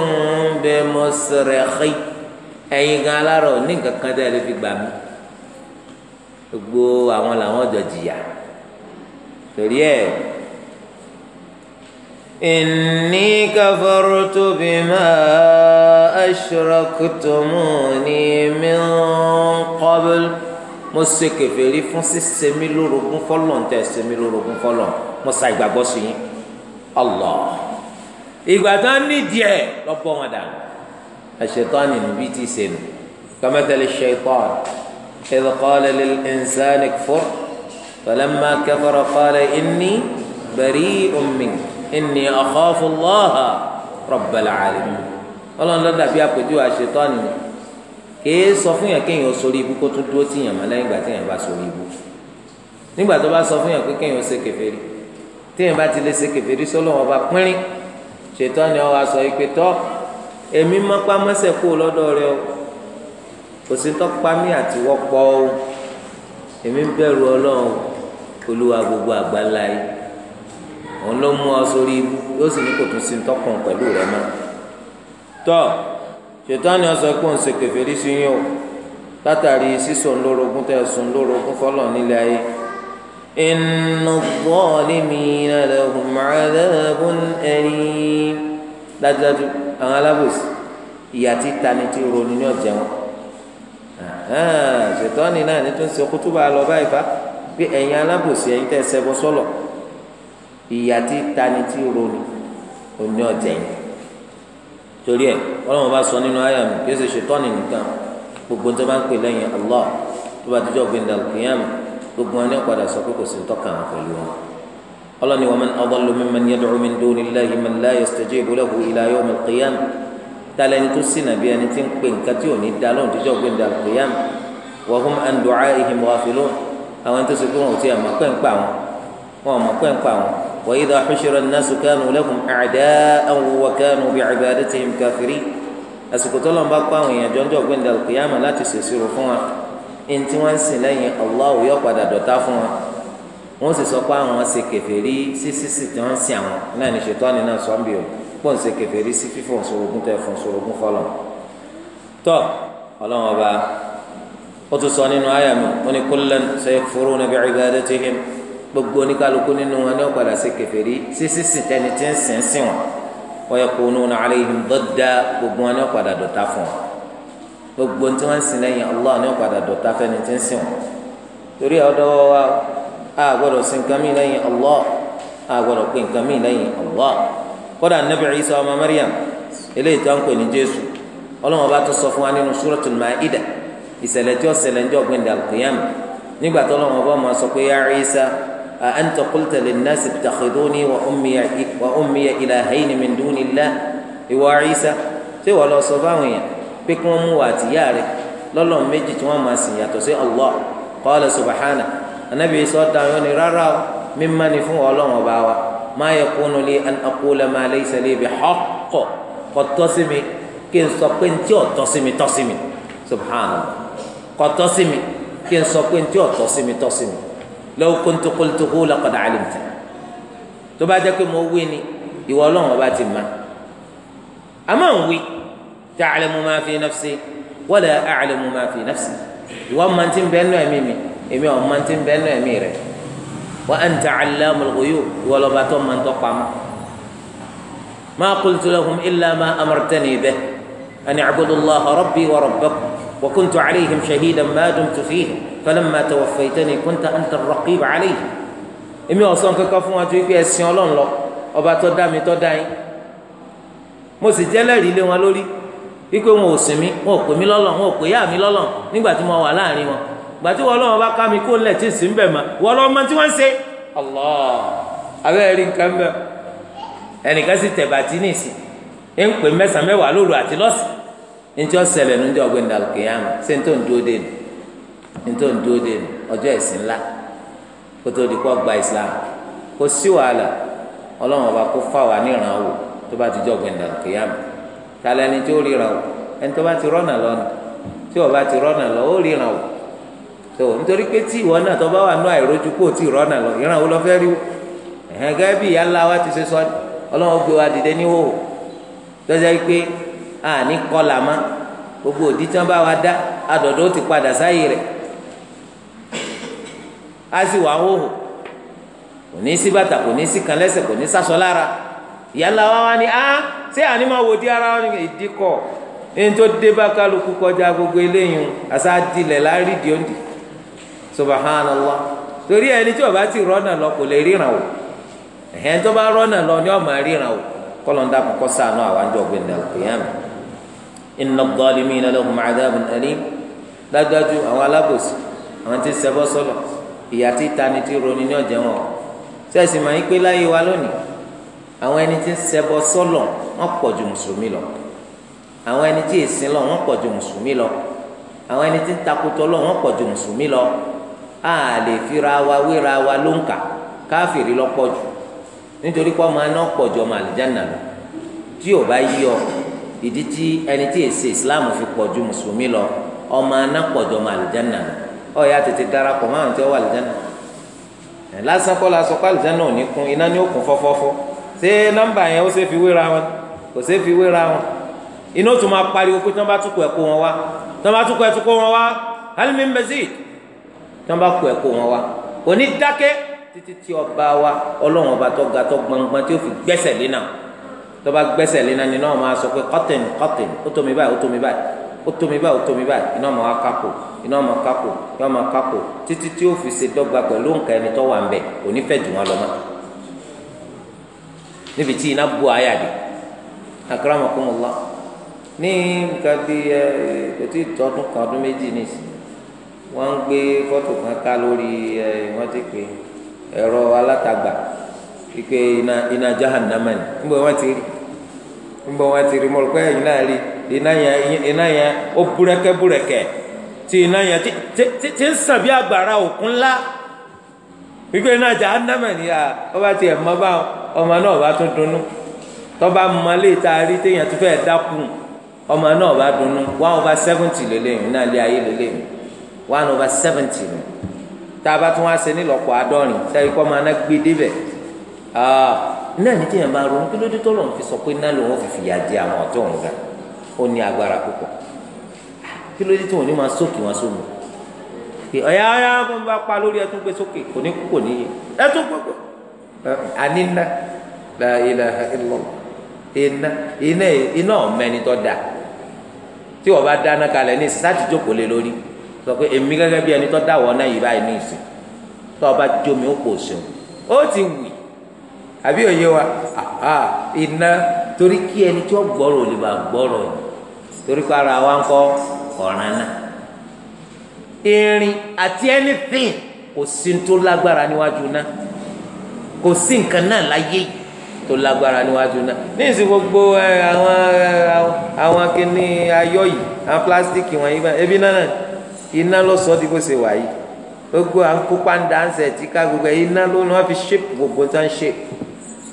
bi musrikhi ẹ̀yin gan alára ní nǹkan kan tẹ́ ẹ lè fi gbà mí gbogbo àwọn làwọn jọ jìyà torí ẹ̀. إني كفرت بما أشركتموني من قبل mo ṣe kèfèrí fún ṣíṣe mí lórogún fọlọ́n tẹ́ ṣe mí lórogún fọlọ́n mo sa ìgbàgbọ́ sí yín Allah ìgbà tó ń nídìí ẹ̀ lọ́pọ̀ wọn dànù àṣetán nínú bíi ti ṣe nù kàmẹ́tẹ̀lẹ̀ ṣetán idh qala lil insani kfur falamma kafara qala inni akhafu Allaha rabbal alamin ọlọ́run ló dàbí àpèjúwe àṣetọ́ni kìí sọ fún yàn kéèyàn sórí ibú kó tún dúró tì yàn mọ́ lẹ́yìn ìgbà tí yàn bá sórí ibú nígbà tó bá sọ fún yàn pé kéèyàn ṣe kèfèrí téèyàn bá ti lè ṣe kèfèrí sọ́lọ́wọ́n bá pínrín ṣètọ́ni ó wá sọ yìí pé tọ́ èmi mọ́pá mọ́sẹ̀ kú lọ́dọ̀ rẹ o kò sí tọ́pá mi àti wọ́pọ̀ o èmi bẹ̀rù ọlọ́run olúwa gbogbo àgbáńlá yìí òun ló mú ọ sórí ibú yóò sì ní kò tún sí ń tọkàn pẹ̀lú rẹ mọ́ tọ́ ṣètánì ọ̀sán pé òun ṣe kèfèrí sí yín o látàrí sísọ ńlórogún tẹ̀ sùn ńlórogún fọlọ́ nílé ayé inna adh-dhalimina lahum 'adhabun alim dájúdájú àwọn alábòsí ìyà tí tani ti ronú ní ọ̀jẹ̀ wọn ṣètánì náà ní tó ń ṣe kútúbà lọ báyìí fa pé ẹ̀yin alábòsí ẹ̀yin tẹ̀ ṣẹbọ sọ́lọ̀ ìyá tí tani tí ronú òní ọjà yìí torí ẹ Ọlọ́run bá sọ nínú àyà mi kí ẹ sì ṣe tọ́ni nìkan gbogbo tó bá ń pè lẹ́yìn Allah tó bá dijọ́ gbẹ̀ndà kìíyàmù gbogbo wọn ní ọ̀padà sọ pé kò sí tọ́ka wọn pẹ̀lú wọn. Allah ni wa man adallu mimman yad'u min dunillahi man la yastajibu lahu ila yawm al-qiyamah tálẹ́ni tó sì nàbí ẹni tí ń pè nǹkan tí ò ní dá lóhùn dijọ́ gbẹ̀ndà kìíyàmù wa wọn ò mọ̀ pé ń pa wọn. wa idha hushira an-nasu kanu lahum a'da'an wa kanu bi'ibadatihim kafirin àsìkò tó lọ́nba kó àwọn èèyàn jọ́njọ́ gbẹ̀ndà al-qiyamah láti ṣèṣirò fún wa ẹni tí wọ́n ń sìn lẹ́yìn Allah yọ padà dọ̀tá fún wa wọ́n sì sọ pé àwọn ṣe kèfèrí sí sísì tí wọ́n ń sìn àwọn náà ní ṣètò àná náà sọ́ńbì o pọ̀ ń ṣe kèfèrí sí fífọ̀ ṣòrogún sọ gbogbo oníkálukú nínú wọn ni wọn padà sí kèfèrí sísísìn tẹni tí ń sìn sìn wọn wọn yẹ kó nu wọn alẹ yìí dọdá gbogbo wọn ni wọn padà dọta fún wọn gbogbo tí wọn ń sìn lẹ́yìn Allah ni wọn padà dọta fẹni tí ń sìn wọn torí ọdọ wa a gbọ́dọ̀ sìn nǹkan mi lẹ́yìn Allah a gbọ́dọ̀ pè nǹkan mi lẹ́yìn Allah kódà Nabi Isa ọmọ Maryam eléyìí tó ń pè ní Jésù Ọlọ́run bá tó sọ fún wa nínú Suratul Ma'idah tí ó ṣẹlẹ̀ ń jọ́ gbẹ̀ndẹ̀ nígbà tó Ọlọ́run bá máa sọ pé ya Isa أأنت قلت للناس اتخذوني وأمي وأمي إلهين من دون الله ìwọ Ìsá ṣé wọ́n lọ sọ fáwọn èèyàn pé kí wọ́n mú wa àtìyá rẹ̀ lọ́lọ́ méjì tí wọ́n máa sìn yàtọ̀ sí Allah qala subahana anabi sọ dáhùn ni rárá o mímá ni fún ọlọ́run ọba wa ma yakunu li an aqula ma laysa li bihaqq kò tọ́ sí mi kí n sọ pé ntí ọ̀tọ́ sí mi tọ́ sí mi subahana kò tọ́ sí mi kí n sọ pé ntí ọ̀tọ́ sí mi tọ́ sí mi. لو كنت قلته لقد علمت تبا جاك مويني يوالون وبات ما أما هو تعلم ما في نفسي ولا أعلم ما في نفسي يوم ما أنتم بأنه أميمي إمي وما أنتم بأنه أميري وأنت علام الغيوب ولو باتهم من قام ما قلت لهم إلا ما أمرتني به أن اعبدوا الله ربي وربكم وكنت عليهم شهيدا ما دمت فيهم فلما توفيتني كنت أنت الرقيب عليه. إمي أصلاً ọ̀sán kankan fún wa ju pé ẹ̀sìn ọlọ́run lọ ọba tó dá mi tó dá yín mo sì jẹ́lẹ̀rìí lé wọn lórí wípé wọn ò sìn mí wọn ò pè mí lọ́lọ́ wọn ò pè yá mi lọ́lọ́ nígbà tí mo wà láàrin wọn gbà tí wọn lọ́wọ́ bá ká mi kó lẹ̀ tí ì sí ń bẹ̀ wọn lọ́wọ́ mọ́ tí wọ́n ṣe Allah rí nǹkan bẹ́ẹ̀ ẹnìkan sì tẹ̀ bàtí nìsí ẹ ń pè mẹ́sàn-án mẹ́wàá lóru àti lọ́sàn ní tí wọ́n ṣẹlẹ̀ ní ọjọ́ ọgbẹ́ndàlùkè yàrá ṣé ní tó ń dúró dé ni. nítorí ń dúró dé ọjọ́ ẹ̀sìn ńlá gba islam kó sí wàhálà ọlọ́run ọba kó fà wá tó bá ti jọ gbẹ̀ndà kìyàm ẹni tí ó ríran ẹni tó bá ti rọ́nà ọba ti rọ́nà lọ ó ríran tó nítorí pé tí ìwọ náà tó bá wà nú àìrójú kó tí rọ́nà lọ ìran lọ fẹ́ rí ẹ̀hẹ́n gẹ́gẹ́ bí wa ti ṣe sọ ọlọ́run gbé wa dìde lọ́jà á sì wà hóhò kò ní sí bàtà kò ní sí kan lẹ́sẹ̀ kò ní sásọ lára ìyá ńlá wa wá ní á ṣé àní máa wò di ara wa ní ìdíkọ̀ ẹni tó dé bá kálukú kọjá gbogbo eléyìí àṣà dilẹ̀ lárí dìóndì subhanallah torí ẹni tí ó bá ti rọ́nà lọ kò lè ríran o ẹ̀hẹ́n tó bá rọ́nà lọ ni ó máa ríran o kọ́lọ́ndà kò kọ́ sànú àwọn àjọ gbẹ̀ndà kìyàmù inna adh-dhalimina lahum 'adhabun alim dájúdájú àwọn alábòsí àwọn tí ń ṣẹbọ sọ́lọ̀ ìyá tí tani ti roni ní ọ̀jẹ̀ wọn sẹ́sì máa ń pé láyé wa lónìí àwọn ẹni tí ń ṣẹbọ sọ́lọ̀ wọ́n pọ̀ ju mùsùlùmí lọ àwọn ẹni tí èsìn lọ wọ́n pọ̀ ju mùsùlùmí lọ àwọn ẹni tí ń takutọ lọ wọ́n pọ̀ ju mùsùlùmí lọ a lè fira wa wéra wa ló ń kà káfìrí lọ pọ̀ jù nítorí pé ọmọ aná pọ̀ ju ọmọ àlìjáná lọ tí ò bá yí ọ ìdí tí ẹni tí èsì Islam fi pọ̀ ju mùsùlùmí lọ ọmọ aná pọ̀ ju ọmọ àlìjáná lọ ọ ya tètè darapọ̀ máa ń tẹ́ wà àlùjáná lásán kọ́ la sọ pé àlùjáná ò ní kún iná ní òkun fọ́fọ́fọ́ ṣé nọ́mbà yẹn ó ṣe fi wéra wọn kò ṣe fi wéra wọn iná tún máa pariwo pé tí wọ́n bá tún kọ ẹ̀kọ́ wọn wá tí wọ́n bá tún kọ ẹ̀kọ́ wọn wá hal min mazid tí wọ́n bá kọ ẹ̀kọ́ wọn wá òní dákẹ́ títí tí ọba wa ọlọ́run ọba tó ga tó gbọngbọn tí ó fi gbẹ́sẹ̀ lé tó bá gbẹ́sẹ̀ lé ni náà máa sọ pé kọ́tìn kọ́tìn ó tó mi báyìí ó tó mi báyìí ó tómi báyìí ó tómi báyìí iná ọmọ wa iná ọmọ kákò iná títí tí ó fi ṣe dọ́gba pẹ̀lú nǹkan ẹni tó wà ń bẹ̀ kò ní fẹ́ jù wọn lọ mọ́ níbi tí iná bu àyà dé akramakumullah ní nǹkan bí ẹ kan ọdún méjì nìsí wọ́n ń gbé iná yẹn iná yẹn ó búrẹ́kẹ́ búrẹ́kẹ́ tí iná yẹn ti ń sàn bí agbára òkun ńlá wípé iná jahannama ni à ọba tiẹ̀ mọ́ bá ọmọ náà bá tún dunnú tọ́ba mọ́lé tá a rí téèyàn tún fẹ́ẹ́ dákun ọmọ náà bá dunnú one over seventy lélẹ́yìn náà lé ayé lélẹ́yìn one over seventy ni tá a bá tún wá ṣe nílọ́pọ̀ àádọ́rin sẹ́yìn kọ́ máa ná gbé débẹ̀ náà ní téèyàn bá ronú kí ló tó lòun fi sọ pé náà lòun fi fìyà jẹ àwọn ọ̀tọ̀ òun gan ó ní agbára púpọ̀ kí ló dé tí wọn ní máa sókè wọn sómi pé ọ̀yà ọ̀yà wọn bá pa lórí ẹtún gbé sókè kò ní kúkò níye ẹtún gbogbo àníná la ilaha illallah iná iná iná ọ̀mẹ́ni tó da tí wọ́n bá dáná kalẹ̀ ní ìsìn jókòó lé lórí sọ pé èmi gẹ́gẹ́ bí ẹni tó dá wọ́n náà yìí báyìí ní ìsìn tó o bá jómi ó pò sùn ó ti wì àbí òye wa iná torí kí ẹni tí ó gbọ́rọ̀ ò lè bá gbọ́rọ̀ yìí torí pé ara wa ń kọ́ ọ̀ràn náà irin àti anything kò sí tó lágbára níwájú náà kò sí nǹkan náà láyé tó lágbára níwájú náà ní gbogbo àwọn àwọn kíní ayọ̀ yìí àwọn pílásítìkì wọ̀nyí bá ebi náà iná ló sọ ọ́ bó ṣe wà yìí gbogbo à ń kó pàǹdà ń sẹ̀ ká gbogbo iná ló ní wọ́n fi ṣépù gbogbo tó ń ṣe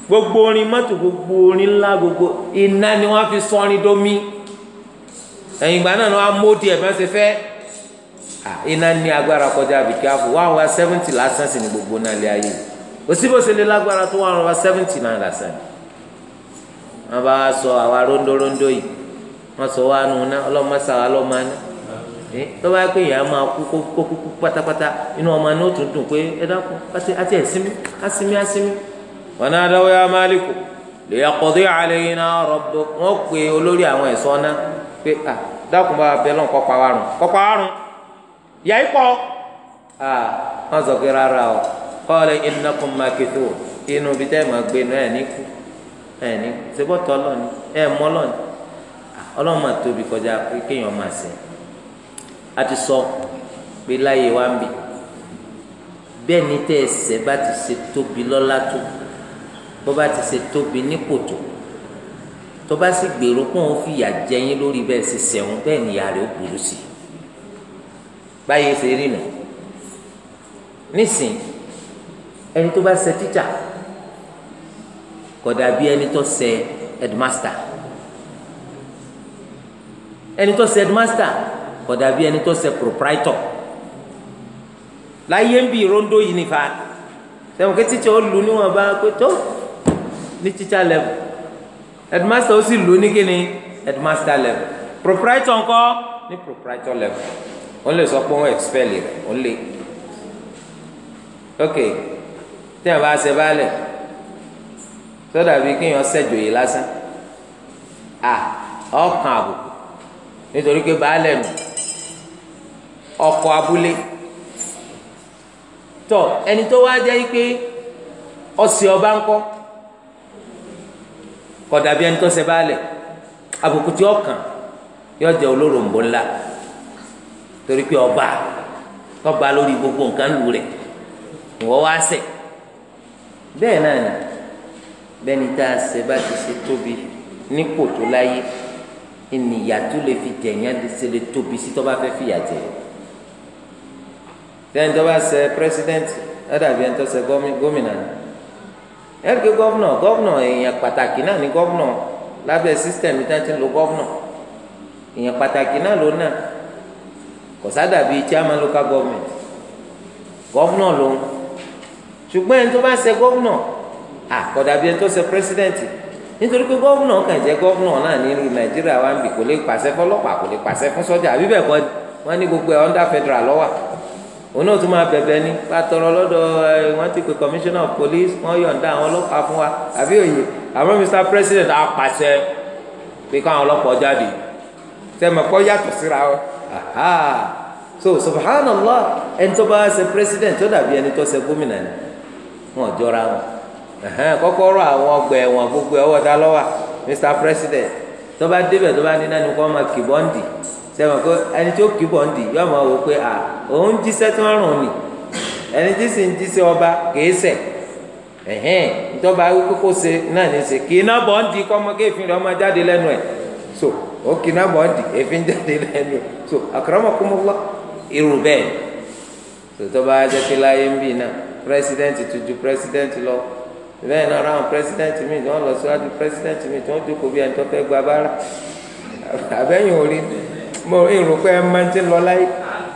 gbogbo orin mọ́tò gbogbo orin ńlá gbogbo iná ni wọ́n fi sọrin domi. So ẹ̀yìn ìgbà náà ni wọ́n á móde ẹ̀ mẹ́sẹ̀ fẹ́ iná ní agbára kọjá àbíkí afọ one over seventy lásán sí ni gbogbo náà lé ayé òsínbòsí lè lágbára tó one over seventy náà lásán bá sọ àwa rondórondó yìí sọ wa tó bá máa kú pátápátá inú ọmọ dùn pé ẹ dákun àti wọn náà dáwọ́ yá lè náà pé à dákun bá bẹ lọ́n kọ́pa wa rùn kọ́pa wa rùn yà í pọ̀ à wọ́n sọ rárá o kọ́lẹ̀ innakum makithun inú bí tẹ́ máa gbé náà ní kú ẹ̀ ní sebọ́tọ̀ ọlọ́ni ẹ̀ mọ́ ọlọ́ni ọlọ́run máa tóbi kọjá kéèyàn máa sìn a ti sọ pé láyé wa ń bì bẹ́ẹ̀ ni tẹ́ ẹsẹ̀ bá ti ṣe tóbi lọ́lá tó bó bá ti ṣe tóbi nípò tó tó bá sì gbèrò kó òun fìyà jẹ yín lórí bẹ́ẹ̀ sì sẹ̀wọ̀n bẹ́ẹ̀ ni ìyá rẹ̀ ó burú sí i báyìí ṣe rí nù nísìn ẹni tó bá ṣe tíjà kò dàbí ẹni tó ṣe headmaster ẹni tó ṣe headmaster kò dàbí ẹni tó ṣe proprietor láyé ń bi ìròndó yìí nìfà sẹ́wọ̀n kí títsà ó lu níwọ̀n bá pé tó ní títsà level headmaster ó sì lò ní kíni headmaster level proprietor ńkọ́ ní proprietor level ó lè sọ pé wọ́n expel rẹ̀ ó lè ok tí a bá ṣe báàlẹ̀ sọ́dà bíi kéèyàn ṣẹ̀jọ̀ yìí lásán à ọkàn àbùkù nítorí pé baálẹ̀ nù ọkọ̀ abúlé tọ ẹni tó wá jẹ́ pé ọ̀sẹ̀ ọba ńkọ́ kódà bí ẹni tó ṣe baálẹ̀ àbùkù tí ọkàn yóò jẹ olóròǹbó ńlá torí pé ọba tọba lórí gbogbo nǹkan lù rẹ ìwọ wá ṣe bẹ́ẹ̀ náà ni bẹ́ẹ̀ni tá a ṣe bá ti ṣe tóbi nípò tó láyé ènìyàn tó lè fi jẹyàn ṣe lè tóbi sí tọba fẹẹ fìyà jẹ bẹ́ẹ̀ni tọba ṣe pírẹsidẹǹtì ẹdàbí ẹni tó ṣe gómìnà ni ẹ̀ríkì gọ́vnọ̀ gọ́vnọ̀ èèyàn pàtàkì náà ni gọ́vnọ̀ lábẹ́ sísítẹ̀mù tí wọ́n ti ń lo gọ́vnọ̀ èèyàn pàtàkì náà ló náà kò sádà bíi chairman local government gọ́vnọ̀ lòun ṣùgbọ́n ẹni tó bá ṣe gọ́vnọ̀ àkọ́dà bíi ẹni tó ṣe president nítorí pé gọ́vnọ̀ kàn jẹ́ gọ́vnọ̀ náà ní Nàìjíríà wa ń bì kò lè pàṣẹ fọlọ́pàá kò lè pàṣẹ fún sọ́jà àbí bẹ́ẹ̀ kọ́ wọ́n ní gbogbo ẹ̀ under federal lọ́wọ́ òun náà tún máa bẹ̀bẹ̀ ni bá lọ́dọ̀ wọ́n ti pe commissioner of police wọ́n yọ̀ǹda àwọn ọlọ́pàá fún wa àbí òye àmọ́ mr president á pàṣẹ pé káwọn ọlọ́pàá jáde tẹmọ̀ kọ́ yàtọ̀ síra ọ so subhanallah ẹni tó bá ṣe president tó dàbí ẹni tó ṣe gómìnà ni wọn jọra wọn kọ́kọ́rọ́ àwọn ọgbà ẹ̀wọ̀n gbogbo ẹ̀wọ̀ ta lọ́wà mr president tó bá débẹ̀ tó bá ní náà ni kò máa kì bọ́ǹdì sẹ́wọ̀n pé ẹni tí ó kì í bọ̀ ń dì yóò máa wò pé à òun jíṣẹ́ tí wọ́n rùn ni ẹni tí sì ń jíṣẹ́ ọba kìí sẹ̀ ẹ̀hẹ́n ìjọba kókó ṣe náà ní ṣe kì í ná bọ̀ ń dì kọ́ ọmọ kéèfin rẹ̀ ọmọ jáde lẹ́nu ẹ̀ so ó kì í ná bọ̀ ń dì èéfín [laughs] jáde lẹ́nu ẹ̀ so akramakumullah irú bẹ́ẹ̀ tòtọ́ba jẹ́ pé láyé ń bì náà pírẹsidẹ́ǹtì tó ju pírẹsidẹ́ǹtì lọ bẹ́ẹ̀ náà ráhùn pírẹsidẹ́ǹtì mi tí wọ́n lọ síwájú pírẹsidẹ́ǹtì mi tí wọ́n jókòó bí ẹni tó fẹ́ gba bára àbẹ́yìn orí mo ìrò pé ẹ lọ láyé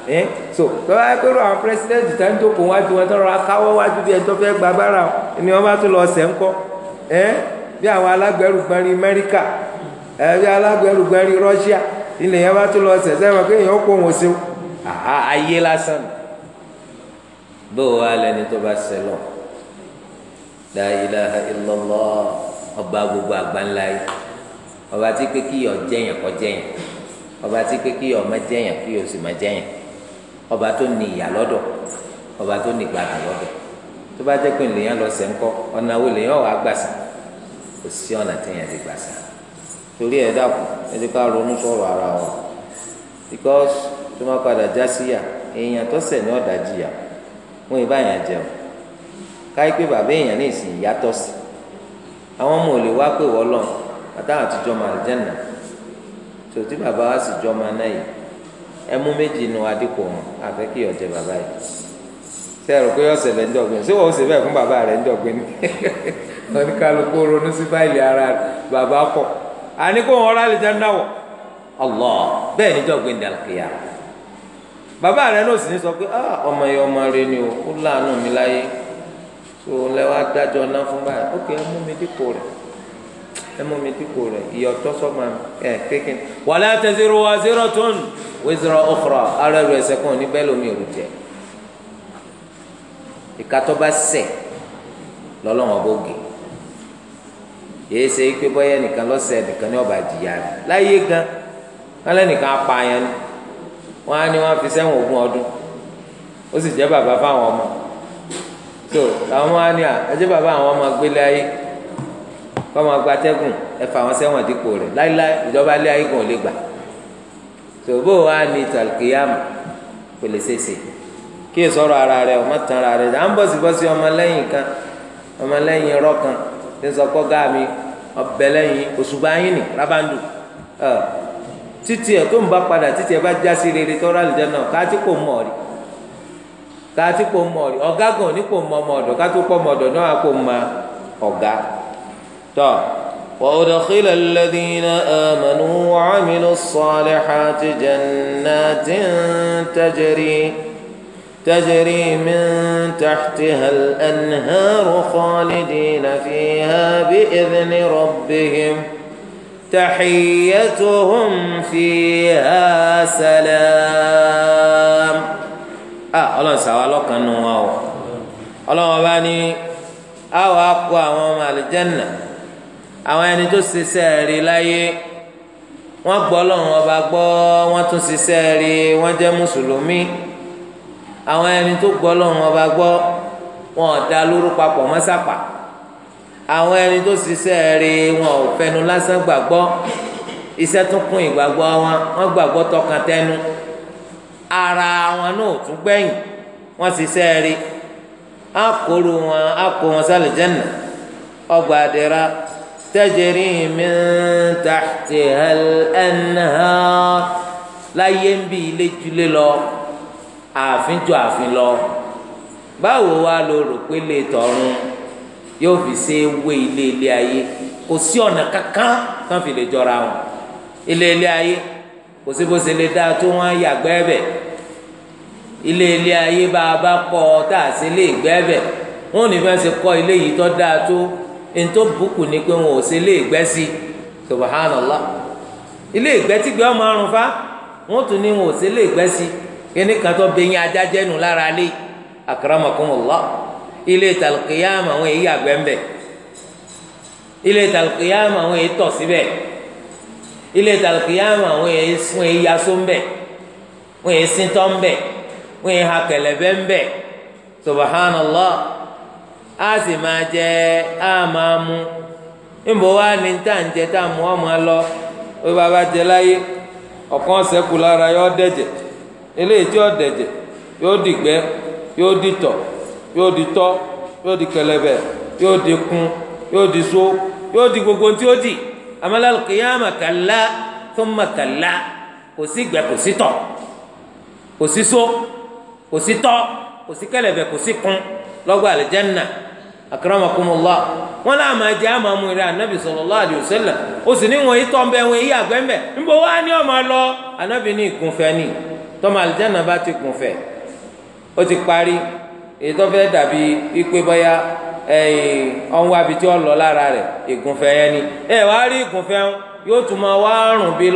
ẹ so lọ́wọ́ akérò àwọn pírẹsidẹ́ǹtì tá ń jókòó wájú wọn tó rọra káwọ́ wájú bí ẹ tó fẹ́ gba bára ni bá lọ ẹ bí àwọn ẹ bí ilẹ̀ yẹn bá lọ sẹ́wọ̀n pé èèyàn kó wọn ṣe ayé lásán o wá lẹni tó bá ṣe lọ ọba gbogbo ọba tí pé kíyọ̀ ọmọ jẹ́yàn kíyọ̀ sì má jẹ́yàn ọba tó ní ìyà lọ́dọ̀ ọba tó ní gbàdùn lọ́dọ̀ tó bá jẹ́ pé lèyàn lọ sẹ́ ńkọ́ ọ̀nà wo lèyàn wà gbàsà kò sí ọ̀nà téèyàn lè gbàsà torí ẹ̀ dàpọ̀ ẹni ká ronú sọ̀rọ̀ ara wa because tó má padà já síyà èèyàn tó ṣẹ̀ ní ọ̀dà jìyà wọn ìbá yàn jẹun káyí pé bàbá èèyàn ní ìsìn ìyàtọ̀ sí àwọn ọmọ ò wá pé wọ́n lọ àtàwọn àtijọ́ màlúù jẹ́ tí bàbá wa sì jọ náà yìí ẹmú méjì nu adìpọ̀ wọn àfẹ́ kí ọ̀jẹ̀ bàbá yìí ẹ̀rọ pé ọ̀sẹ̀ ń fún bàbá rẹ̀ ń dọ̀gbìn [laughs] ronú sí fáìlì ara bàbá kọ̀ àní kó wọn rálẹ̀ jẹ́ náwọ̀ bẹ́ẹ̀ ní dọ̀gbìn bàbá rẹ̀ náà sì ní sọ ah, ọmọ ọmọ rẹ ni ó láàánú mi láyé tó lẹ́wọ́ fún báyìí ó ẹ mú mi dípò rẹ̀ ìyọ̀tọ̀ sọ́mà ẹ̀ kékin. wala taziru waziratun wizra ukhra ara ẹrù ẹ̀ṣẹ̀ kan níbẹ̀ ò jẹ. ìkatọ́ bá sẹ̀ lọ́lọ́wọ́n bó gé ṣe pé bọ́yá nìkan lọ́sẹ̀ nìkan ní ya jìyà rẹ̀ láyé gan alẹ́ nìkan ni wọ́n á ní fi ogún ọdún ó sì bàbá fáwọn ọmọ àwọn ọmọ á ní à ẹ bàbá àwọn ọmọ gbélé ayé. kọ́ máa gba atẹ́gùn ẹ wọn sẹ́wọ̀n dípò rẹ̀ láíláí ìjọba ilé ayé ò lè gbà tòbó wa ni tàlùkìyàmù kò lè ṣèṣe kí èso ọ̀rọ̀ ara rẹ̀ ọmọ tán ara rẹ̀ à ń bọ̀sibọ́sí ọmọlẹ́yìn kan ọmọlẹ́yìn irọ́ kan tí ń sọ kọ́ gáà mi ọbẹ̀ lẹ́yìn òṣùbà yín ni rábàndù títí ẹ̀ tó ń bá padà títí ẹ̀ bá jásí rere tọ́ra lè dáná káàtì kò mọ̀ rí káàtì kò mọ̀ ní kò mọ̀ ọmọ ọ̀dọ̀ náà kò mọ̀ ọ̀gá. طيب وأدخل الذين آمنوا وعملوا الصالحات جنات تجري تجري من تحتها الأنهار خالدين فيها بإذن ربهم تحيتهم فيها سلام آه الله سوالك أنه الله أباني أو أقوى وما الجنة àwọn ẹni tó ṣiṣẹ́ rí láyé wọ́n gbọ́ lọ́run ọba gbọ́ wọ́n tún ṣiṣẹ́ rí wọ́n jẹ́ mùsùlùmí àwọn ẹni tó gbọ́ lọ́run ọba gbọ́ wọn ò da lóru papọ̀ mọ́sápà àwọn ẹni tó ṣiṣẹ́ rí wọn ò fẹnu lásán gbàgbọ́ iṣẹ́ tún kún ìgbàgbọ́ wọn wọ́n gbàgbọ́ tọkàntẹnu ara wọn náà tún gbẹ̀yìn wọ́n ṣiṣẹ́ rí akóró wọn akó wọn sálẹ̀ jẹ́nà ọgbà àdẹ́ra tajri min tahtiha al-anhar láyé ń bí ilé julé lọ ààfin ju ààfin lọ báwo wá lo rò pé lè tọ̀run yóò fi ṣe é wé ilé ilé ayé kò sí ọ̀nà kankan tán fi lè jọra wọn ilé ilé ayé kò sí bó ṣe lè dáa tó wọn yàgbẹ́ bẹ̀ ilé ilé ayé bá a bá kọ́ ọ tá a ṣe lè gbẹ́ bẹ̀ wọn ò ní fẹ́ ṣe kọ́ ilé yìí tó dáa tó. ètò bùkù ni pé wọn ò ṣe ilé ìgbẹ́ sí subhanallah ilé ìgbẹ́ tí gbẹ́ ọmọ ọrùn fa wọn tún ní wọn ò ṣe ilé ìgbẹ́ sí kíní kan tó bẹ yín ajá jẹ́nu lára lé akramakumullah ilé talqiyama àwọn èyí àgbẹ̀ ń bẹ̀ ilé talqiyama àwọn èyí tọ̀ síbẹ̀ ilé talqiyama àwọn èyí fún èyí yasó ń bẹ̀ wọn èyí sintọ́ ń bẹ̀ wọn èyí ń asi ma je a ma mu imo wa ni taa nje taa mu o ma lo oye baaba je laye okan sekula ra ya o deje ile eti o deje yodi pe yodi tɔ yodi to yodi kelebe yodi kun yodi so yodi gbogbo ti o di amalaka ya maka la to n la ko si gbe ko si to ko si so ko si to ko si kelebe ko si kun akramakumullah wọn náà máa jẹ àmà mú rẹ anabi sallallahu alaihi wasallam o sì ní wọn yìí tọ́ nbẹ wọn yìí àgbẹ̀ nbọ wa ni ọmọ lọ anabi ní ìkúnfẹ́ ni tọ́mọ alìjẹ́nà bá ti kúnfẹ́ ó ti parí èyí tó fẹ́ dàbí ikpe bọ́yá ẹ̀yìn ọ̀hún wa bi tí lára yẹn ni ẹ̀ wá rí ìkúnfẹ́ yóò tún máa wá rùn ti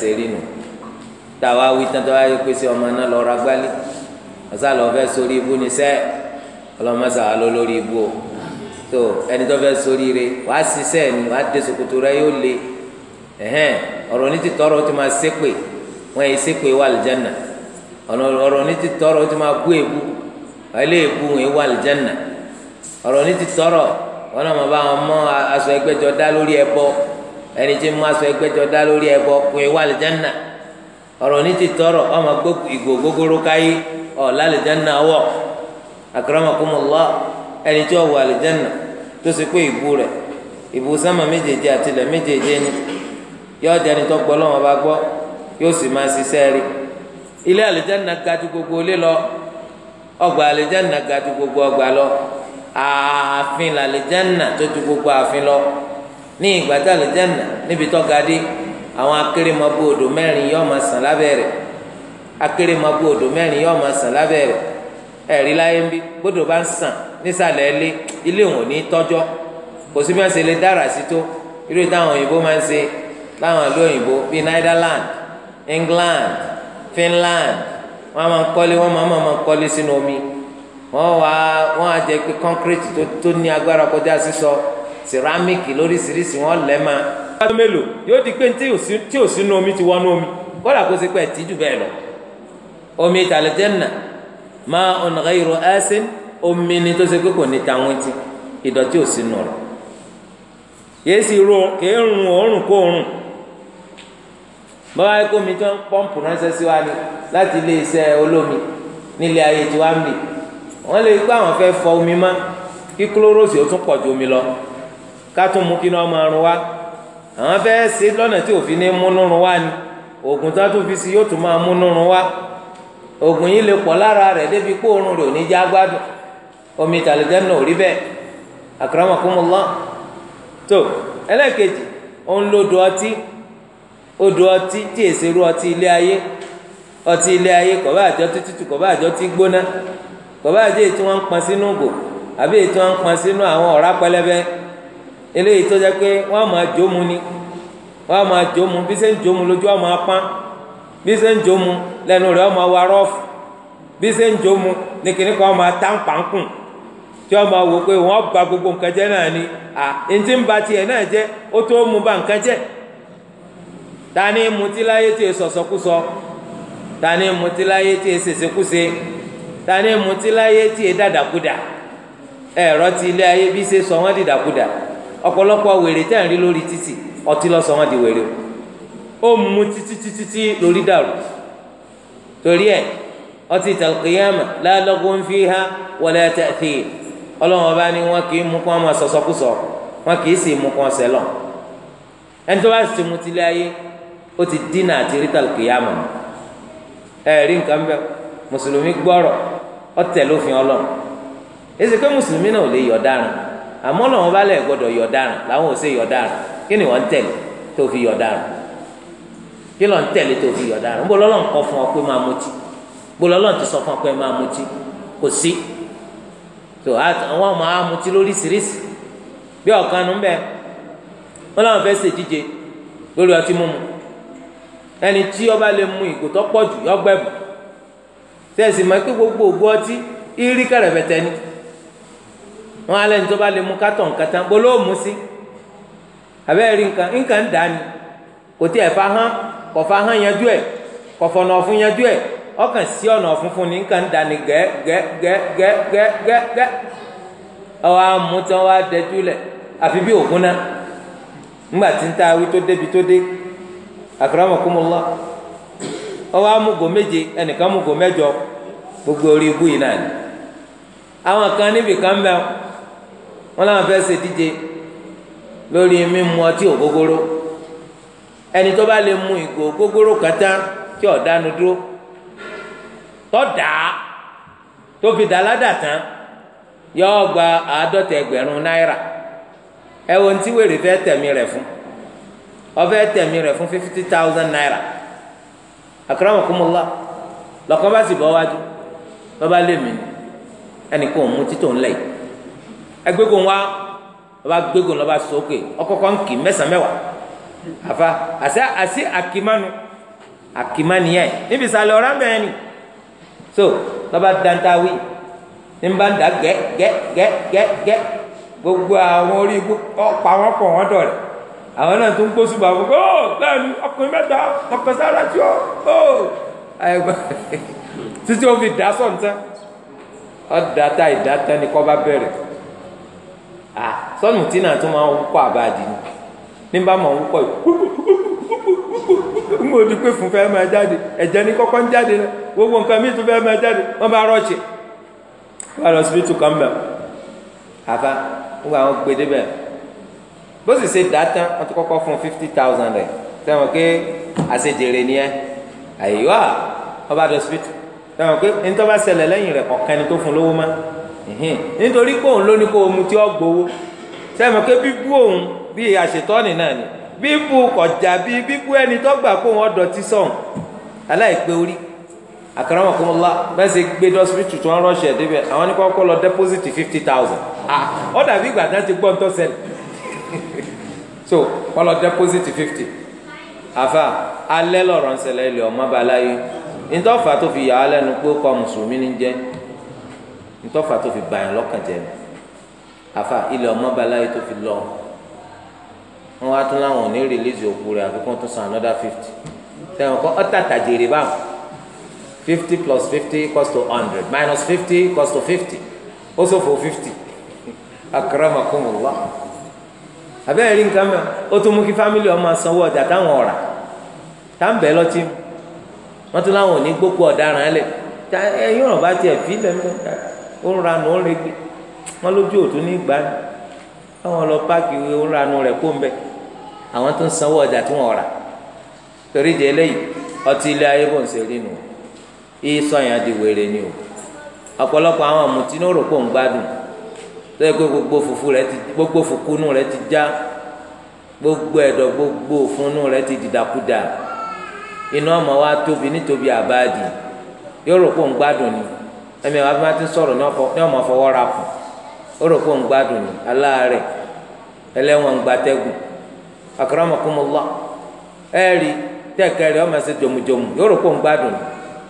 ṣe rí tàwa wí tán tó wá yẹ pèsè ọmọ náà lọ ra gbálí ọ̀sá lọ fẹ́ sórí ibú ni sẹ́ ọlọ́mọsà wà lọ lórí ibú o tó ẹni tó fẹ́ sórí rẹ wàá ṣiṣẹ́ ni wàá dé ṣòkòtò rẹ yóò le ẹ̀hẹ́n ọ̀rọ̀ ní ti tọrọ ó ti máa ṣépè wọ́n yẹ ṣépè wà lìjánà ọ̀rọ̀ ní ti tọrọ ó ti máa bú èbú ẹlẹ́ èbú wọn wà lìjánà ọ̀rọ̀ ní ti tọrọ wọn náà máa bá wọn mọ aṣọ ẹgbẹ́jọ dá lórí ẹbọ ẹni tí ń mú aṣọ dá lórí ẹbọ kò wà lìjánà. ọrọ ní ti tọrọ ọmọ ìgò gbogbooro káyé ọ̀ lálẹ́jẹ́nà wọ̀ akramakumullah ẹni tí ó wọ tó sì pé ìbú rẹ̀ ìbú méjèèjì àti ilẹ̀ méjèèjì ni yóò jẹ́ ẹni tó bá yóò sì máa rí ilé ga ju gbogbo ilé lọ ọgbà ga ju gbogbo ọgbà lọ ààfin tó ju gbogbo ààfin lọ ní ìgbà tí níbi tó ga dé àwọn akérèmọbù odò mẹ́rin yọ máa sàn lábẹ́rẹ̀ akérèmọbù odò mẹ́rin yóò sàn ẹ̀rí láyé ń bí gbódò bá ń sàn nísàlẹ̀ ilé ilé òun ò ní tọ́jọ́ kò sí lè dára sí tó irú táwọn òyìnbó máa ń ṣe láwọn ìlú òyìnbó bíi Netherland England Finland wọ́n máa ń kọ́lé wọ́n máa máa kọ́lé sínú omi wọ́n wá wọ́n á jẹ́ ọdún mélòó yóò di pé tí ò sínú omi ti wọnú omi kódà kó ṣe pé ẹ̀ tíjú bẹ́ẹ̀ lọ omi ìtàlẹ́jẹ́nà máa ọ̀nà ìrò ẹ́sìn omi ni tó ṣe pé kò ní tàwọn ti ìdọ̀tí ò sínú rẹ̀ yéé sì ro kèé rùn òórùn kó òórùn báwa kó omi tó ń pọ́ǹpù ránṣẹ́ sí wa ni láti ilé iṣẹ́ olómi nílé ayé tí wàá mì wọ́n lè gbọ́ àwọn fẹ́ fọ omi mọ́ kí kúlórósì ó tún pọ̀ ju omi lọ ká tún mú kí ní ọmọ ọrùn wa àwọn fẹ́ẹ́ ṣe lọ́nà tí òfin ní múnúrun wá ni oògùn tó tún fi si yóò tún máa múnúrun wá oògùn yìí lè pọ̀ lára rẹ̀ débi kó oorun rẹ̀ ò ní já gbádùn omi ìtàlẹ́jẹ́ náà ò rí bẹ́ẹ̀ akramakumullah tó ẹlẹ́ẹ̀kejì òun lodò ọtí odò ọtí tí èsè ru ọtí ilé ayé ọtí ilé ayé kọ̀bá àjọ tí tútù kọ̀bá àjọ tí gbóná kọ̀bá àjọ èyí tí wọ́n ń pọn sínú ògò àbí èyí tí wọ́n ń pọn sínú àwọn ọ̀rá pẹlẹbẹ eléyìí tó jẹ́ pé wọn á máa jó ni wọn ma máa bise bí ṣe ń jó mu Bise á máa pán bí ṣe ń jó Bise lẹ́nu rẹ̀ á máa wá rọ́ọ̀fù bí ṣe ń jó ní kíní kan á máa tá ń pàǹkùn tí wọ́n máa wò pé wọ́n bà gbogbo nǹkan jẹ́ náà ni ba tiẹ̀ náà ó tó mu nǹkan tani mutiláyé tí èso sọkúsọ tani tani tí ẹ̀rọ ti ilé ayé bí sọ di ọ̀pọ̀lọpọ̀ wèrè tẹ̀ ń rí lórí títì ọtí ló sọ wọ́n di wèrè o ó mu títí títí tí lórí dàrú torí ẹ̀ ọtí tàlùkìyàmà la laghun fiha wala ta'thim ọlọ́run ọba ni wọn kì í mú kó wọn máa sọsọkúsọ wọn kì í sì mú kó wọn sẹlọ ẹni tó bá sì ti mu ayé ó ti dínà àti rí tàlùkìyàmà ẹ rí nǹkan bẹ mùsùlùmí gbọ́rọ̀ ọtẹ lófin ọlọ́run èsì pé mùsùlùmí náà ò lè yọ̀ dáran àmọ́ lọ́wọ́ bá lẹ̀ gbọ́dọ̀ yọ̀ dáràn làwọn ò ṣe yọ̀ dáràn kí ni wọ́n ń tẹ̀lé tó fi yọ̀ dáràn kí lọ́n tẹ̀lé tó fi yọ̀ dáràn ń bọ́ lọ́lọ́ ń kọ́ fún ọ pé máa mutí bọ́ lọ́lọ́ ti sọ fún ọ pé máa mutí kò sí tó àwọn ọmọ á mutí lóríṣiríṣi bí ọ̀kan nu bẹ́ẹ̀ wọ́n láwọn fẹ́ ṣèdíje lórí ọtí mímu ẹni tí ó bá lè mu ìgò tó pọ̀ jù yọ gbẹ̀bù tẹ̀sí mọ́ pé gbogbo ògbó ọtí irí kẹrẹ̀fẹ̀tẹ̀ ni wọn alẹ́ ní tó bá lè mú kátọ̀ nǹkan tán bó nka mú sí abẹ́rẹ́ rí nǹkan nǹkan ń dà kò tí ẹ fa hàn kò fa yanjú ẹ̀ kò fọ̀nà ọ̀fun yanjú ẹ̀ ọkàn sí ọ̀nà ọ̀fun fún ni nǹkan ń dà gẹ gẹ gẹ gẹ gẹ gẹ gẹ gẹ́ ọwọ́ amú tán dẹjú àfi bí òkun náà tí ta tó débi tó dé gbogbo orí ibú yìí náà ni àwọn kan kan wọn làwọn fẹẹ ṣe díje lórí mímu ọtí ògógóró ẹni tó bá lè mu ìgò ògógóró kàtá tí ọ̀dánu dúró tọ́dà tó fi dàládà tán gba àádọ́ta ẹgbẹ̀rún náírà ẹ ntí wèrè fẹ́ tẹ̀mí rẹ̀ fún ọfẹ́ tẹ̀mí rẹ̀ fún fifty thousand naira akramakumullah lọ́kàn bá sì wájú ẹnì kan ò mú títò yìí. ẹgbẹ́gun wa ọba gbẹ́gun lọ́ba sókè ọkọ̀kọ́ ń kì mẹ́sàn-án Afa, àfa àṣẹ àṣẹ àkìmánu àkìmánu yẹn níbi ìsàlẹ̀ ọ̀rá mẹ́rin ni so lọ́ba dantawi ní bá ń dà gẹ́ gẹ́ gẹ́ gẹ́ gẹ́ gbogbo àwọn orí igbó ọ̀pọ̀ àwọn pọ̀ wọ́n dọ̀rẹ̀ àwọn náà tó ń gbósù bá wọn ó láàánú ọkùnrin mẹ́ta ọkùnrin sára tí ó ó [laughs] títí ó fi dá sọ̀ǹtẹ́ ọ̀dàtà ìdátẹ́ ni kọ́ bá bẹ̀rẹ̀ à ah, sọ́ọ̀nù tí náà tún máa ń wúkọ́ àbáàdì ni ní bá máa ń wúkọ́ yìí mo di pé fún fẹ́ máa jáde ẹ̀jẹ̀ ní kọ́kọ́ ń jáde náà gbogbo nǹkan mi tún fẹ́ máa jáde wọ́n bá rọ́ọ̀ṣì wọ́n lọ síbi kàn àfa ń gba àwọn gbèdé bó sì ṣe dá tán fún fifty thousand pé àṣejèrè ni àyè wá bá lọ síbi pé ní tó bá nítorí pé òun ló ní kó omi tí ó gbowó sẹ́mi pé bíbú òun bí àṣetọ́ni náà ni bíbú kọjá bíi bíbú ẹni tó gbà pé òun ọ̀dọ̀ ti sọ̀hún aláìpé orí àkàràmọ̀ kún un la bẹ́ẹ̀ sì gbé dọ́sítì tó ń rọ́ṣẹ̀ débẹ̀ àwọn ní kọ́kọ́ lọ dẹ́pọ́sìtì fifty thousand ah ó dàbí ìgbà náà ti gbọ́ ń tọ́sẹ̀lẹ̀ [laughs] so kọ́ lọ dẹ́pọ́sìtì fifty àfa alẹ́ lọ̀rọ̀ ń ṣẹlẹ̀ ilẹ̀ ọmọ balẹ̀ yìí nítorí ọ̀fà tó fi yà á lẹ́nu ntọ́fà tó fi bà yín lọ́kàn jẹ́ àfà ilẹ̀ ọmọbaláyé tó fi lọ wọn wá tún láwọn ò ní rìlíìsì òkú rẹ̀ àfikún tó san another fifty sẹ́wọ̀n kọ́ ọ́tà tàjèrè báwọn fifty plus fifty cost to hundred minus fifty cost to fifty ó ṣòfò fifty [laughs] akramakumullah abẹ́rẹ́ rí nǹkan mọ́ ó tún mú kí fámìlì ọmọ sanwó ọjà táwọn ọ̀rà táǹbẹ̀ lọ́tí wọ́n tún láwọn ò ní gbókù ọ̀daràn ẹ̀ lẹ̀ ẹ̀yìn ọ̀rọ̀ bá tiẹ̀ fi lẹ́nu ó ń ranù ó ń regbe lójú òtún ní ìgbà ni káwọn lọ páàkì ó ń ranù rẹ̀ kó ń bẹ àwọn tó ń sanwó ọjà tí wọn rà torí di eléyìí ọtí ilé ayé bò ń ṣe rí nu ìsọyìn àti wèrè ni o ọ̀pọ̀lọpọ̀ àwọn àmùtí ní òròpó ń gbádùn tó yẹ pé gbogbo fùfú rẹ̀ ti gbogbo fùkúnú rẹ̀ ti já gbogbo ẹ̀dọ̀ gbogbo òfúnnú rẹ̀ ti dìdàkudà inú ọmọ wa tóbi nítobi àbáàdì yóò rò pé ń gbádùn ni ẹ̀mí àwọn afẹ́fẹ́ ti sọ̀rọ̀ ní ọmọ fọwọ́ ra kù ó rò pé òun gbádùn ní aláàárẹ̀ ẹlẹ́wọ̀n gbatẹ́gùn akramakumullah ẹ̀rí tẹ́kẹ̀rẹ́ ọmọ ẹsẹ̀ jòmùjòmù yóò rò pé òun gbádùn ní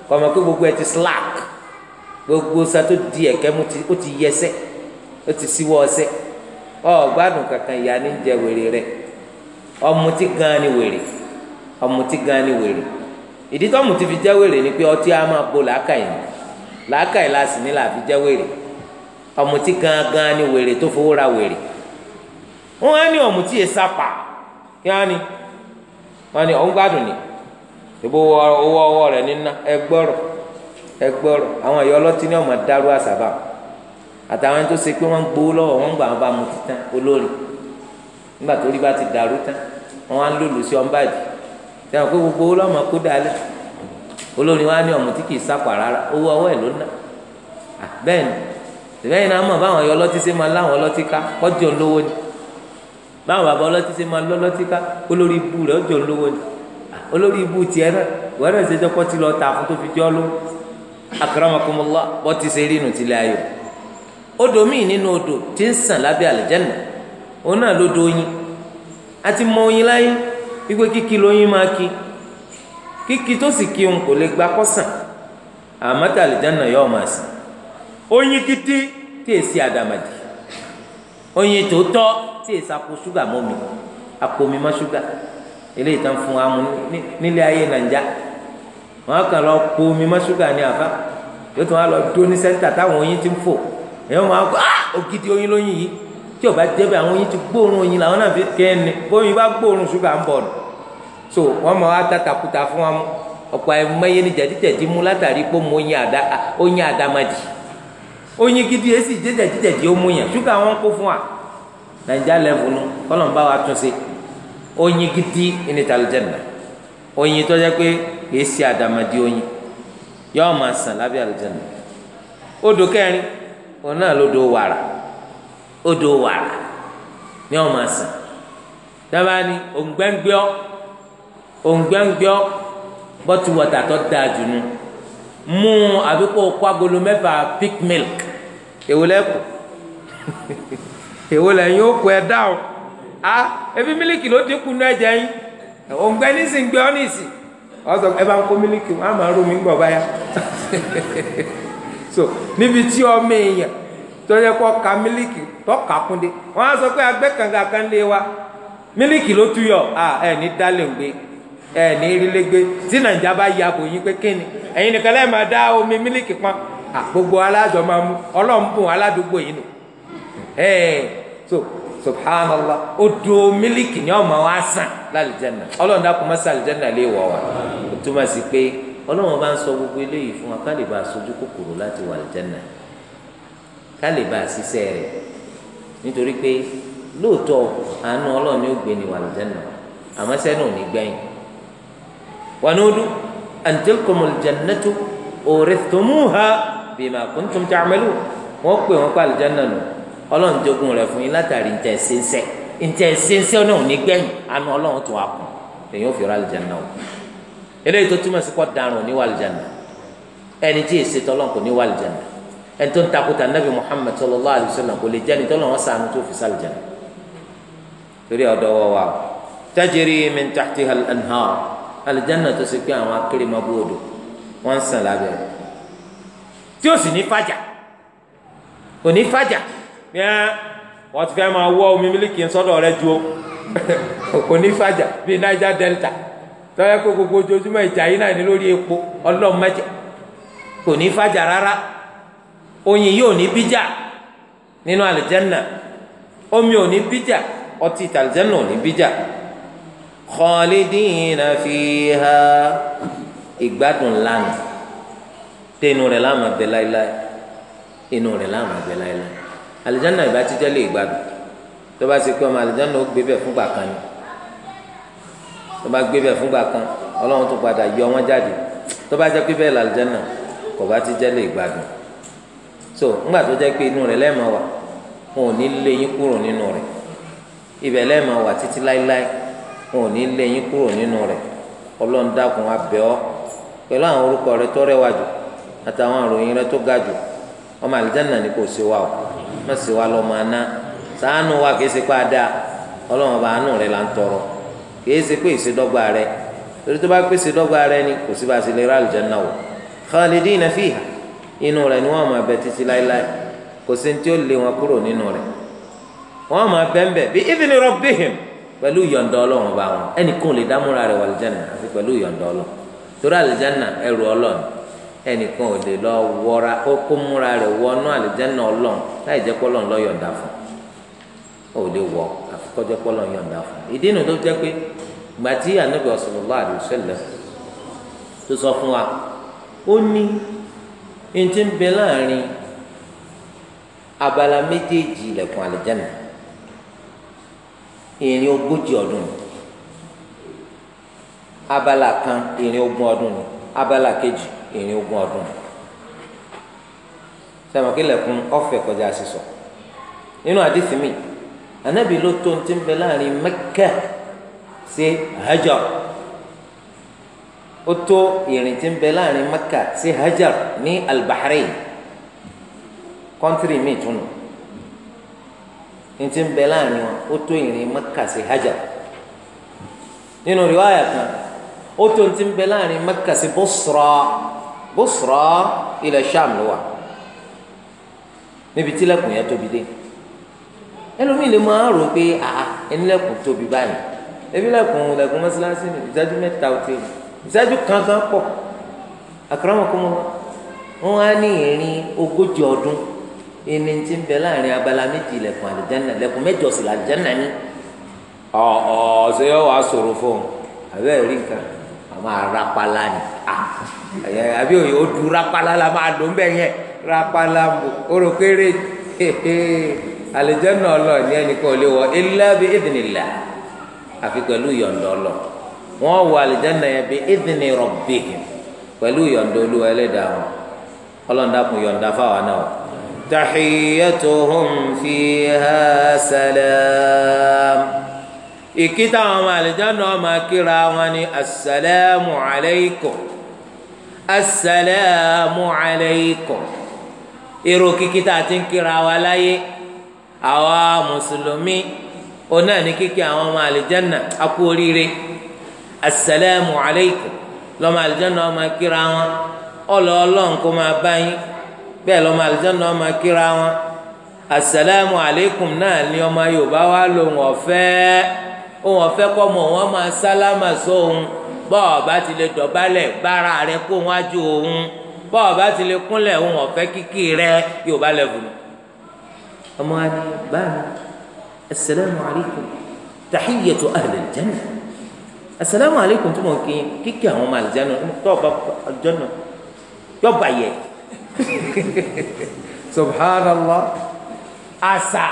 kọ̀mọ̀ pé gbogbo ẹ̀ ti slack gbogbo sa tó di ẹ̀kẹ́ mu ó ti yẹsẹ̀ ó ti síwọ́ ọsẹ̀ ọ̀ gbádùn kankan ìyá ní jẹ wèrè rẹ̀ ọ̀mùtí gan ni wèrè ọ̀mùtí gan ni wèrè ìdí tó ọ̀mùtí fi jẹ́ wèrè ni pé ọtí á máa bo làákàyè làákàyè la sì ní làfi jẹ́ wèrè ọ̀mùtí gangan ni wèrè tó fowó ra wèrè wọ́n á ní ọ̀mùtí yẹn sápà kí wọ́n á ní wọ́n á ní ọ̀hún gbádùn ni ìbò owó ọwọ́ rẹ̀ nínú ẹgbọ́rọ̀ ẹgbọ́rọ̀ àwọn ẹ̀yọ́ ọlọ́tí ní ọ̀mọ̀ dárú àṣàbà àtàwọn ẹni tó ṣe pé wọ́n ń gbowó lọ́wọ́ wọ́n ń gbà wọn bá mu títán olórí nígbà tó rí bá ti dàrú tán wọ́n á lòlù sí ọ̀nbàjì tẹ̀wọ̀n pé gbogbo owó lọ́mọ kó dálé olórin wa ní ọmọ tí kì í sápà rárá owó ọwọ́ ẹ̀ ló ná bẹ́ẹ̀ ni bẹ́ẹ̀ ni a mọ̀ báwọn ọyọ ọlọ́tí ṣe máa láwọn ọlọ́tí ká kọ́jọ lówó ni báwọn bàbá ọlọ́tí ṣe máa lọ́ ọlọ́tí ká olórí ibu rẹ̀ ọjọ́ lówó ni olórí ibu tiẹ̀ náà wọ́n rẹ̀ ṣe jọ́kọ́ ti lọ ta fún tó fi jọ́ ló akramakumullah bọ́ ti ṣe rí inú tilẹ̀ ayọ̀ odò míì nínú odò ti ń sàn lábẹ́ àlùjánnà òun náà lódò oyin àti mọ oyin láyé wípé kíkí lóyin máa kí kíkí tó sì kí òun kò lè gba kọ́sàn àmọ́ tá àlìjáná yọ ọmọ àsìn oyin títí tí è sí àdàmàdì oyin tòótọ́ tí è sàpò ṣúgà mọ́mi àpòmí mọ́ ṣúgà eléyìí tán fún wa mu nílé ayé nàìjà wọn kàn lọ po omi mọ́ ṣúgà ní àfa yóò tún wá lọ dó ní sẹ́ńtà táwọn oyin ti ń fò èèyàn máa kó ah ògidì oyin lóyin yìí tí ò bá jẹ́ bẹ́ẹ̀ àwọn oyin ti gbóòórùn oyin làwọn náà fi kẹ́ ẹni bóyin bá gbóòórùn ṣúgà ń bọ̀ nù so wọn máa wá tàtàkùtà fún wa mú ọ̀pọ̀ àìmọye ni jẹ̀díjẹ̀dí mú látàrí pé mo oyin àdàmàdì oyin gidi èsì jẹ̀díjẹ̀dí ó mú yàn ṣúgà wọn kó fún wa nàìjíríà lẹ́fù nu kọ́lọ̀ ń bá wa tún ṣe oyin gidi ní tàlùjẹ̀nà oyin tó jẹ́ pé èsì àdàmàdì oyin yóò máa sàn lábẹ́ àlùjẹ̀nà odò kẹrin òun náà lodò wàrà odò wàrà ni wọn máa sàn dábàá ni òǹgbẹ́ngbẹ́ ọ́ òǹgbẹ́ǹgbẹ́ bọ́tù wọ̀tà tó dáa jù nù mú àbí kó kó agolo milk èwo lẹ́kù [laughs] èwo lẹ́yìn ó o a ebi miliki ló dínkù nù ẹ̀jẹ̀ yín òǹgbẹ́ nísìngbẹ́ ọ́ nìsín ọ̀sọ̀ ẹ bá ń kó mílíkì wọn á máa rú [laughs] so n'ibiti tí ọmọ èèyàn ka miliki wọn wa miliki ẹ ní erílégbé tí nàìjà bá ya bò yín pé kíni ẹ̀yin nìkan ma máa dá omi mílíkì pọn gbogbo alájọ máa mú ọlọ́mbùn aládùúgbò yìí nù ẹ so subhanallah odò mílíkì ni ọmọ wa sàn lálìjẹnà ọlọ́run lè wọ̀ wá o túmọ̀ sí pé ọlọ́run bá ń sọ gbogbo eléyìí fún wa ká lè bá a sojú kòkòrò láti wà ká lè bá a ṣiṣẹ́ rẹ̀ nítorí pé lóòótọ́ àánú ọlọ́run ونود أن تلكم الجنة أورثتموها بما كنتم تعملون wọ́n pè wọ́n pa àlùjáná nù ọlọ́run jogún rẹ̀ fún yín látàrí ntẹ̀ ṣẹ́ńṣẹ́ ntẹ̀ ṣẹ́ńṣẹ́ náà ní gbẹ̀yìn àánú ọlọ́run tó wà kùn èyàn ò fi ra àlùjáná o eléyìí tó túmọ̀ sí kọ́ darun ní wà àlùjáná ẹni tí èsì tọ́lọ́n kò ní wà àlùjáná ẹni tó ń takuta nabi muhammad sallallahu alayhi kò lè jẹ́ni tọ́lọ́n wọn sànù tó fi sàlùjáná torí ọ̀dọ́ wọ tajiri min tahtiha alìjáná tó ṣe pé àwọn akérèmọbú odò wọn ń sàn lábẹ́ rẹ̀ tí ó sì ní fàjà kò ní fàjà yẹ wọn ti fẹ́ máa wọ omi mílíkì sọ́dọ̀ rẹ̀ ju o [laughs] kò ní fàjà bíi Niger Delta tọ́yẹ kó gbogbo ojoojúmọ́ ìjà yìí náà ní lórí epo ọlọ́run mẹ́jẹ kò ní fàjà rárá oyin yìí ò ní bíjà nínú alìjáná omi ò ní bíjà ọtí ìtàlìjáná ò ní bíjà khalidina fiha ìgbádùn lánà tẹnu rẹ̀ láàmà bẹ láéláé inú rẹ̀ láàmà bẹ láéláé alìjáná ìbá títẹ lé ìgbádùn tó bá ti pé ọmọ alìjáná ó gbé bẹ fúngbà kan ni tó bá gbé bẹ fúngbà kan Ọlọ́run tó padà yọ wọn jáde tó bá jẹ́ pé bẹ́ẹ̀ làlìjáná kò bá ti jẹ́ lé so ńgbà tó jẹ́ pé inú rẹ̀ lẹ́ẹ̀mọ wà wọn ò ní lé yín kúrò nínú rẹ̀ ibẹ̀ lẹ́ẹ̀mọ wà títí láéláé wọn ò ní lé yín kúrò nínú rẹ̀ ọlọ́run dákun abẹ́ ọ pẹ̀lú àwọn orúkọ rẹ tó rẹwà jù àtàwọn àròyìn rẹ tó ga jù ọmọ àlìjáná ni kò sí wa o má sí wa lọ́mọ aná sàánú wa kìí ṣe pé a dáa ọlọ́run ọba àánú rẹ là ń tọrọ kìí ṣe pé ìṣèdọ́gba rẹ lórí tó bá pé ìṣèdọ́gba rẹ ni kò sí bá a ṣe lè ra àlìjáná o khalidina fiha inú rẹ ni wọn máa bẹ títí láéláé kò sí ní tí ó lé wọn kúrò nínú rẹ wọn máa bẹ́ńbẹ́ bí ibni rabbihim pẹ̀lú ìyọ̀ǹda ọlọ́run ọba wọn ẹnìkan ò lè dámúra rẹ̀ wà àlìjáná àfi pẹ̀lú ìyọ̀ǹda ọlọ́run torí àlìjáná ẹrù ọlọ́run ẹnìkan ò lè lọ wọra kó múra rẹ̀ wọnú àlìjáná ọlọ́run láì jẹ́ pé ọlọ́run ló yọ̀ǹda fún ò lè wọ àfi kó jẹ́ pé ọlọ́run yọ̀ǹda fún ìdí inú tó jẹ́ pé ìgbà tí ànábì sallallahu alaihi tó sọ fún wa ó ní ní ti ń bẹ láàrin abala méjèèjì ilẹ̀kùn àlìjáná ìrìn ogójì ọdún ni abala kan ìrìn ogún ọdún ni abala kejì ìrìn ogún ọdún ni sẹ́wọ̀n kí lẹ́kùn ọ̀fẹ́ kọjá sísọ nínú àdìsí mi ànábì ló tó ti ń bẹ láàrin Mẹ́kà sí Hajar ó tó ìrìn ti ń bẹ láàrin Mẹ́kà sí Hajar ní al-Bahrain kọ́ńtírì tún nù ní ti ń bẹ láàrin wọn ó tó ìrìn Mẹ́kà sí Hajar nínú riwaya kan ó tó ti ń bẹ láàrin Mẹ́kà sí Bọ́sọ̀rọ̀ Bọ́sọ̀rọ̀ ilẹ̀ Sham ló wà níbi tí lẹ́kùn yẹn tóbi dé ẹlòmíì lè máa rò pé àá ẹnilẹ́kùn tóbi báyìí ebi lẹ́kùn mọ́sálásí ni ìdájú mẹ́ta ò tẹ̀lé ìdájú kankan pọ̀ àkàrà wọn kọ́ wọn wọn á ní ìrìn ogójì ọdún ìní ti ń bẹ láàrin abala méjì lẹ̀kùn àlìjáná lẹ̀kùn mẹ́jọ sí làlìjáná ni ọ oh, ọ oh, ṣé yọ wàá sọ̀rọ̀ fún àbẹ rí nǹkan àmọ́ arapala ni àbí òye ó du rapala la máa lò ń bẹ yẹn rapala orò kéré àlìjáná [laughs] ọlọ ní ẹnìkan ò lè wọ illa bi idhnillah àfi pẹ̀lú yọ̀ǹda ọlọ wọn wọ àlìjáná yẹn bi idhni rabbihim pẹ̀lú yọ̀ǹda olúwa ẹlẹ́dàá wọn ọlọ́ọ̀dà kún fáwọn náà. تحيتهم فيها سلام ìkítà àwọn ọmọ àlìjáná ọmọ akíra wọn ni asalaamu alaykum asalaamu alaykum irú kíkítà àti kíra wa láyé àwa mùsùlùmí ọ̀nà ní kíkí àwọn ọmọ àlìjáná akú oríire asalaamu alaykum lọ́mọ àlìjáná ọmọ akíra wọn ọlọ́ọ̀lọ́ nǹkó máa bá yín bẹ́ẹ̀ lọ́mọ àlùjáná ọmọ kíra wọn asalaamu aleykum náà ni ọmọ yorùbá wa lòun ọ̀fẹ́ òun ọ̀fẹ́ kọ́ mọ̀ wọ́n máa sálámà sóhun bọ́ọ̀bá ti lè dọ̀bálẹ̀ bára rẹ kó wájú òun bọ́ọ̀bá ti lè kúnlẹ̀ òun ọ̀fẹ́ kíkì rẹ yorùbá lẹ́bùn. ọmọ wa báyìí asalaamu aleykum tahiyyatu ahli asalaamu aleykum tó mọ̀ kí kíkì àwọn ọmọ àlùjáná tó ọba àlùjáná yọ̀ọ̀bà [laughs] subhanallah àṣà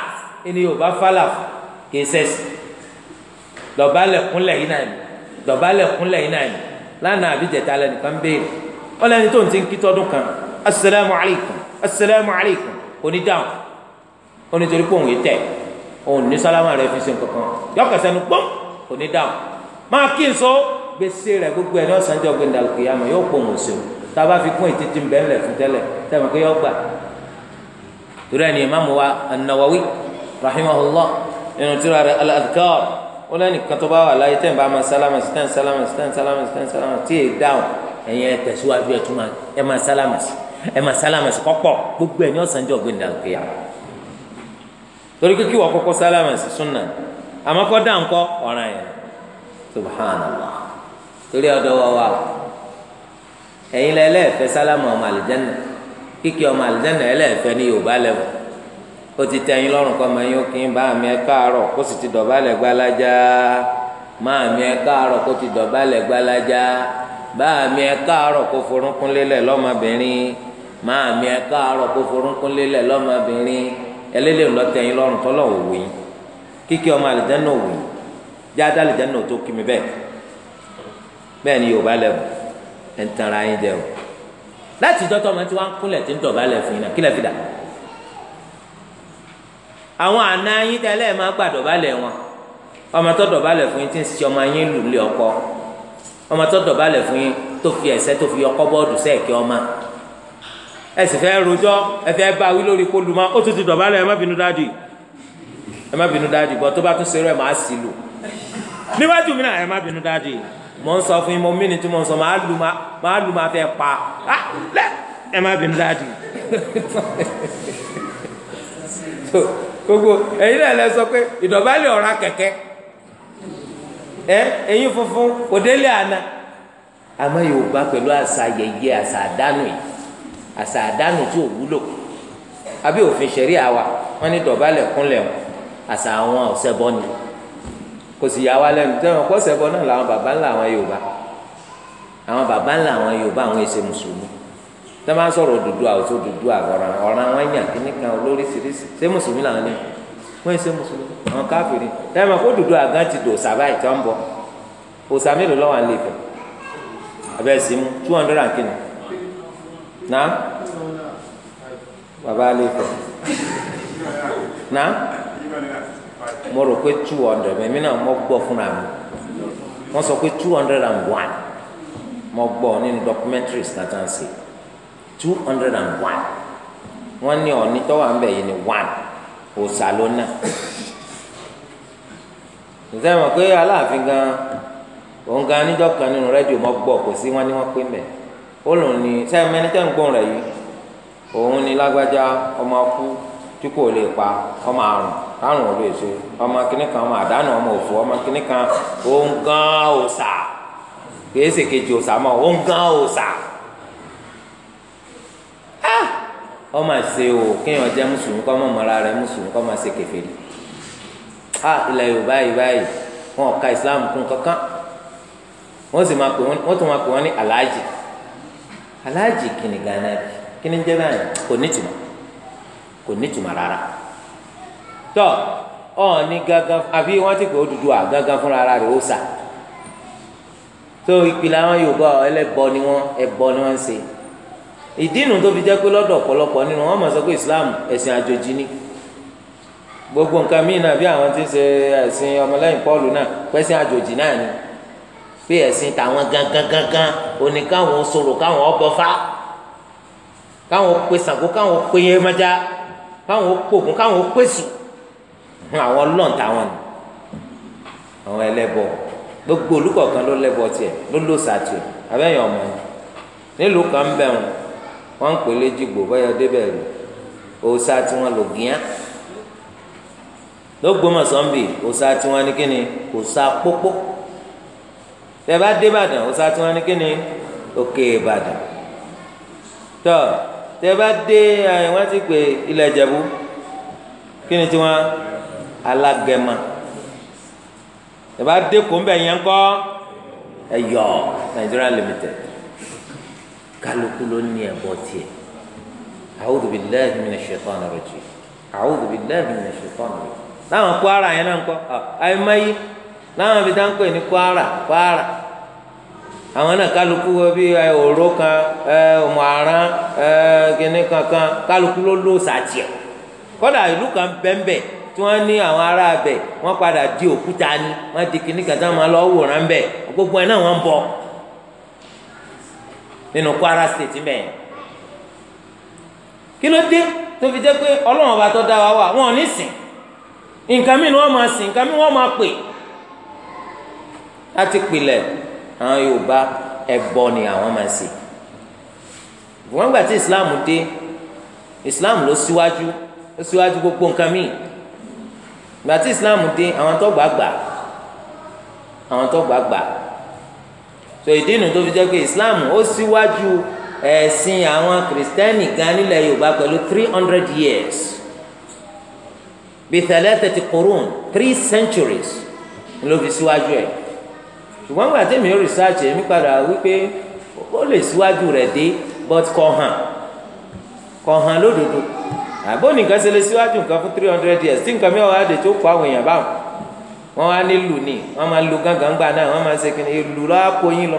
ẹni yóò bá fàlà kìí sẹ́sì dọ̀bálẹ̀ kúnlẹ̀ yìí náà ni dọ̀bálẹ̀ kúnlẹ̀ yìí náà ni lánàá àbí jẹ̀ta lẹ́nu kan béèrè ọlọ́ni tó ń ti ń kí tọdún kan asalaamu alaykum asalaamu alaykum onídàáhùn onítorí pé òun yìí tẹ̀ òun ní sálámà rẹ̀ fi ṣe nǹkankan yọkàsẹ́nu pọ́n onídàáhùn máa kí n so gbèsè rẹ̀ gbogbo ẹ̀ ní ọ̀sán jọ gbẹ̀ndàlùkìyàmọ̀ yóò pọ̀ òun sí o tá a bá fi kún ètí tí ń bẹ́ẹ̀ lẹ̀ fún tẹ́lẹ̀ tẹ́lẹ̀ pé yọ gbà torí ẹni ìmáàmù wa an-Nawawi rahimahullah inú tírà rẹ̀ al-Adhkar ó lẹ́nu kan tó bá wà láyé tẹ́ ń bá máa sálámà sí tẹ́ ń sálámà sí tẹ́ ń sálámà sí tẹ́ ń sálámà sí tí èyí dáhùn ẹ̀yin ẹ̀ tẹ̀síwájú ẹ̀ tún ẹ̀ máa sálámà sí ẹ̀ máa sálámà sí kọ́pọ̀ gbogbo ẹ̀ ní ọ̀sán jọ gbẹ̀ndà òkèèyà torí kíkí wọ́n kọ́kọ́ sálámà sí súnà àmọ́ kọ́ ọ̀ràn yẹn subhanallah torí ọ̀dọ́ wa wà ẹ̀yin lẹ ẹlẹ́ẹ̀fẹ́ sálámù ọmọ àlìjẹ́nà kíkì ọmọ àlìjẹ́nà ẹlẹ́ẹ̀fẹ́ ní yorùbá lẹ́wọ̀ ó ti tẹ̀yìn lọ́rùn kọ́ mẹ́yìn ó kí n bá mi ẹ káàárọ̀ kó sì ti dọ̀bálẹ̀ gbalaja máa mi ẹ káàárọ̀ kó ti dọ̀bálẹ̀ gbalaja bá mi ẹ káàárọ̀ kó forúnkún lélẹ̀ lọ́mọbìnrin máa ẹ káàárọ̀ kó forúnkún lélẹ̀ lọ́mọbìnrin ẹlẹ́lẹ́ ńlọ tẹ̀yìn lọ́rùn tọ́lọ̀ òwì kíkì ọmọ àlìjẹ́nà òwì jáde àlìjẹ́nà ò kí mi bẹ́ẹ̀ bẹ́ẹ̀ ni yorùbá lẹ́wọ̀ ẹ̀ ń yín jẹ o láti ìjọ tọmọ tí wọn kúnlẹ̀ tí ń dọ̀bálẹ̀ fún yín náà kí lẹ fi dà àwọn àna yín tẹ́lẹ̀ máa gbà dọ̀bálẹ̀ wọn ọmọ tó dọ̀bálẹ̀ fún yín tí ń ṣe ọmọ yín lùlẹ ọkọ ọmọ tó dọ̀bálẹ̀ fún yín tó fi ẹsẹ̀ tó fi ọkọ bọọdù sẹẹkì ọmọ ẹ sì fẹ́ rojọ́ ẹ fẹ́ bá wí lórí polúmọ ó tún ti dọ̀bálẹ̀ ẹ má bínú dáàdì ẹ má bínú dáàdì bọ tó bá tún ṣerú ẹ má sì lù níwájú mi náà ẹ má bínú dáàdì mọ̀ ń sọ fún yín mo mí ni tí mo ń sọ máa lu máa lu máa fẹ́ pa á ah, lẹ́ ẹ má bínú dáàdì [laughs] gbogbo ẹ̀yin náà lẹ sọ pé ìdọ̀bálẹ̀ ọ̀ra kẹ̀kẹ́ ẹ ẹ̀yin funfun kò délé àná àmọ́ Yorùbá pẹ̀lú àṣà yẹyẹ àṣà àdánù yìí àṣà àdánù tí ò wúlò àbí òfin ṣẹ̀rí àwa wọ́n ní dọ̀bálẹ̀ kúnlẹ̀ àṣà àwọn ọ̀sẹ̀ bọ́ni kò sì yà wá lẹ́nu tẹ́wọ̀n kọ́ sẹ́bọ̀ náà làwọn baba ńlá àwọn Yorùbá àwọn baba ńlá àwọn Yorùbá àwọn èsè mùsùlùmí tẹ́ máa sọ̀rọ̀ dúdú àwòtó dúdú àwòrán ọ̀ràn wọn yàn kíní kan olóríṣiríṣi ṣé mùsùlùmí làwọn lẹ́nu wọ́n èsè mùsùlùmí àwọn káfíìrì tẹ́ máa kó dúdú àgán ti dò sàbá ìtọ́ ń bọ̀ òsà mélòó lọ́wọ́ à fẹ́ abẹ́ sí mu two hundred and kíni na baba lè fẹ́ na. mo rò pé two hundred mẹ́mí náà mo gbọ́ fúnra mi wọ́n sọ pé two hundred and one mo gbọ́ nínú two hundred and one wọ́n ní ọ̀ní ń bẹ̀ yìí ni one òòsà ló ná ǹjẹ́ mọ̀ pé aláàfin gan òun gan níjọ́ kan nínú rẹ́díò mo gbọ́ kò sí wọn ni wọ́n pè mẹ́ ó lòun ní sẹ́yìn mẹ́ni tẹ́ ń rẹ̀ yìí òun ni lágbájá ọmọ ọkú tí kò lè pa ọmọ àrùn. àrùn ò lè ṣe ọmọ kìnnì kan ọmọ àdánù ọmọ òfò ọmọ kìnnì kan ó ń gán òòsà kìí ṣe kejì òòsà mọ ó ń gán òòsà ọmọ àṣe o kéèyàn jẹ mùsùlùmí kọ́ mọ̀ mọ́ra rẹ mùsùlùmí kọ́ máa ṣe kèfèrí ilẹ̀ yorùbá yìí báyìí wọn ka islam kún kankan wọ́n sì máa pè wọ́n wọ́n tún máa pè wọ́n kini aláàjì aláàjì kìnnìkan náà kìnnìjẹ́ ni kò nítumọ̀ kò nítumọ̀ rárá. ọ ọ̀ọ́ni gangan àbí wọ́n ti pè ó dúdú à gangan fúnra ara rẹ̀ ó sà tó ìpìlẹ̀ àwọn Yorùbá ẹlẹ́bọ ni wọn ẹbọ ni wọn ń ṣe ìdínú tó fi jẹ́ pé lọ́dọ̀ ọ̀pọ̀lọpọ̀ nínú wọn mọ̀ sọ pé Islam ẹ̀sìn àjòjì ni gbogbo nǹkan míì náà bí àwọn ti ń ṣe ẹ̀sìn ọmọlẹ́yìn Pọ́ọ̀lù náà pẹ́sìn àjòjì náà ni pé ẹ̀sìn tàwọn gangan gangan òní káwọn pe káwọn káwọn káwọn pe àwọn ọlọ́run táwọn nù àwọn ẹlẹ́bọ gbogbo olùkọ̀ọ̀kan ló lẹ́bọ tiẹ̀ ló lò sàtìẹ̀ abẹ́yẹn ọmọ yẹn nílùú kan bẹ̀rù wọ́n ń pè léjìgbò báyọ̀ débẹ̀ rẹ̀ òòṣà tí wọ́n lò gíán lọ́gbọ́mọ̀sán bì òòṣà tí wọ́n ní kíni òòṣà pópó tẹ bá dé Ìbàdàn òòṣà tí wọ́n ní kíni òkè Ìbàdàn tọ́ tẹ bá dé wọ́n ti pè ilẹ̀ Ìjẹ̀bú kíni tí wọ́n alágẹmọ ìbá dẹkùn ń bẹ yẹn kọ ẹyọ Nigeria limited kálukú ló ní ẹbọ tiẹ̀ a'udhu billahi minash shaitani rajim a'udhu billahi minash shaitani rajim láwọn Kwara yẹn náà ń kọ ah, àìmọye láwọn ibi tá ń pè ní Kwara Kwara àwọn náà kálukú bí òró kan ọmọ àrán kìnnìkan kan kálukú ló lóòsà tiẹ̀ kódà ìlú kan bẹ́ẹ̀ bẹ́ẹ̀ tí wọ́n ní àwọn ará abẹ wọ́n padà di òkúta ni wọ́n di kíní kàtà máa lọ wòran bẹ̀ gbogbo ẹ̀ náà wọ́n ń bọ̀ nínú Kwara state bẹ́ẹ̀ kí ló dé tó fi jẹ́ pé ọlọ́run ọba tó dá wa wà wọn ò ní sìn nǹkan mìíràn wọ́n máa sìn nǹkan mìíràn wọ́n máa pè láti pilẹ̀ àwọn Yorùbá ẹbọ ni àwọn máa sìn wọ́n gbà tí Islam dé Islam ló síwájú ló síwájú gbogbo nǹkan mìíràn ìgbà tí islam dé àwọn tó gbà gbà àwọn tó gbà gbà so ìdí inú tó fi jẹ́ pé islam ó síwájú ẹ̀sìn àwọn kìrìsìtẹ́nì gan nílẹ̀ yorùbá pẹ̀lú three hundred years bíi thalathati qurun three centuries ló fi síwájú ẹ̀ ṣùgbọ́n gbà tẹ́mi ó research èmi padà wípé ó lè síwájú rẹ̀ dé but kọ̀ hàn kọ̀ hàn lódodo. àbó nìkan ṣe lè síwájú nǹkan fún three hundred years tí nǹkan mẹ́wàá á dé tó kọ́ àwọn èèyàn wá nílùú ni wọ́n máa lu gángan náà wọ́n máa ṣe kìnnì ìlú lọ́wọ́ kó yín lọ.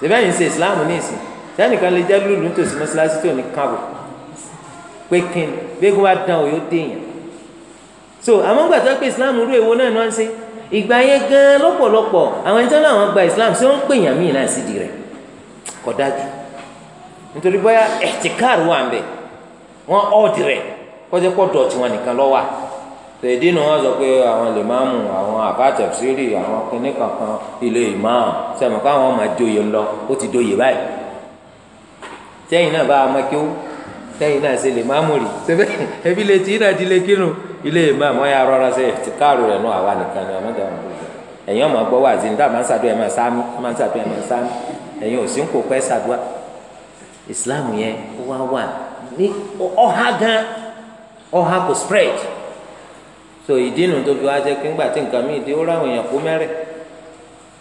ṣèbẹ́ ṣe islam ní ìsìn sẹ́nìkan lè jẹ́ lùlù nítòsí tó ní pé ni gbégun dán o yóò so àmọ́ gbà pé islam rú èwo náà ni wọ́n ṣe ìgbà yẹn gan lọ́pọ̀lọpọ̀ àwọn gba islam ṣé wọ́n pè yàn míì náà rẹ̀ dájú wọn ọ̀dì rẹ̀ kọjá pọ̀tọ̀ tiwọn nìkan lọ́wọ́ à tẹ̀dí nu wọn sọ pé àwọn lè máa mú àwọn àwọn kankan ilé ìmáà káwọn máa ó ti dòye báyìí náà bá a máa kí ó náà ṣe lè máa mú rí [laughs] ẹbí lè ti iná di lè kírun ilé ìmáà wọ́n yà rọra ṣe ti káàrò àwa nìkan ni wọn ọmọ ní ọha gan ọha kò spread so ìdínú tó fi wá jẹ pé ńgbà tí nǹkan mi dé ó ráwọn èèyàn kó mẹ́rẹ̀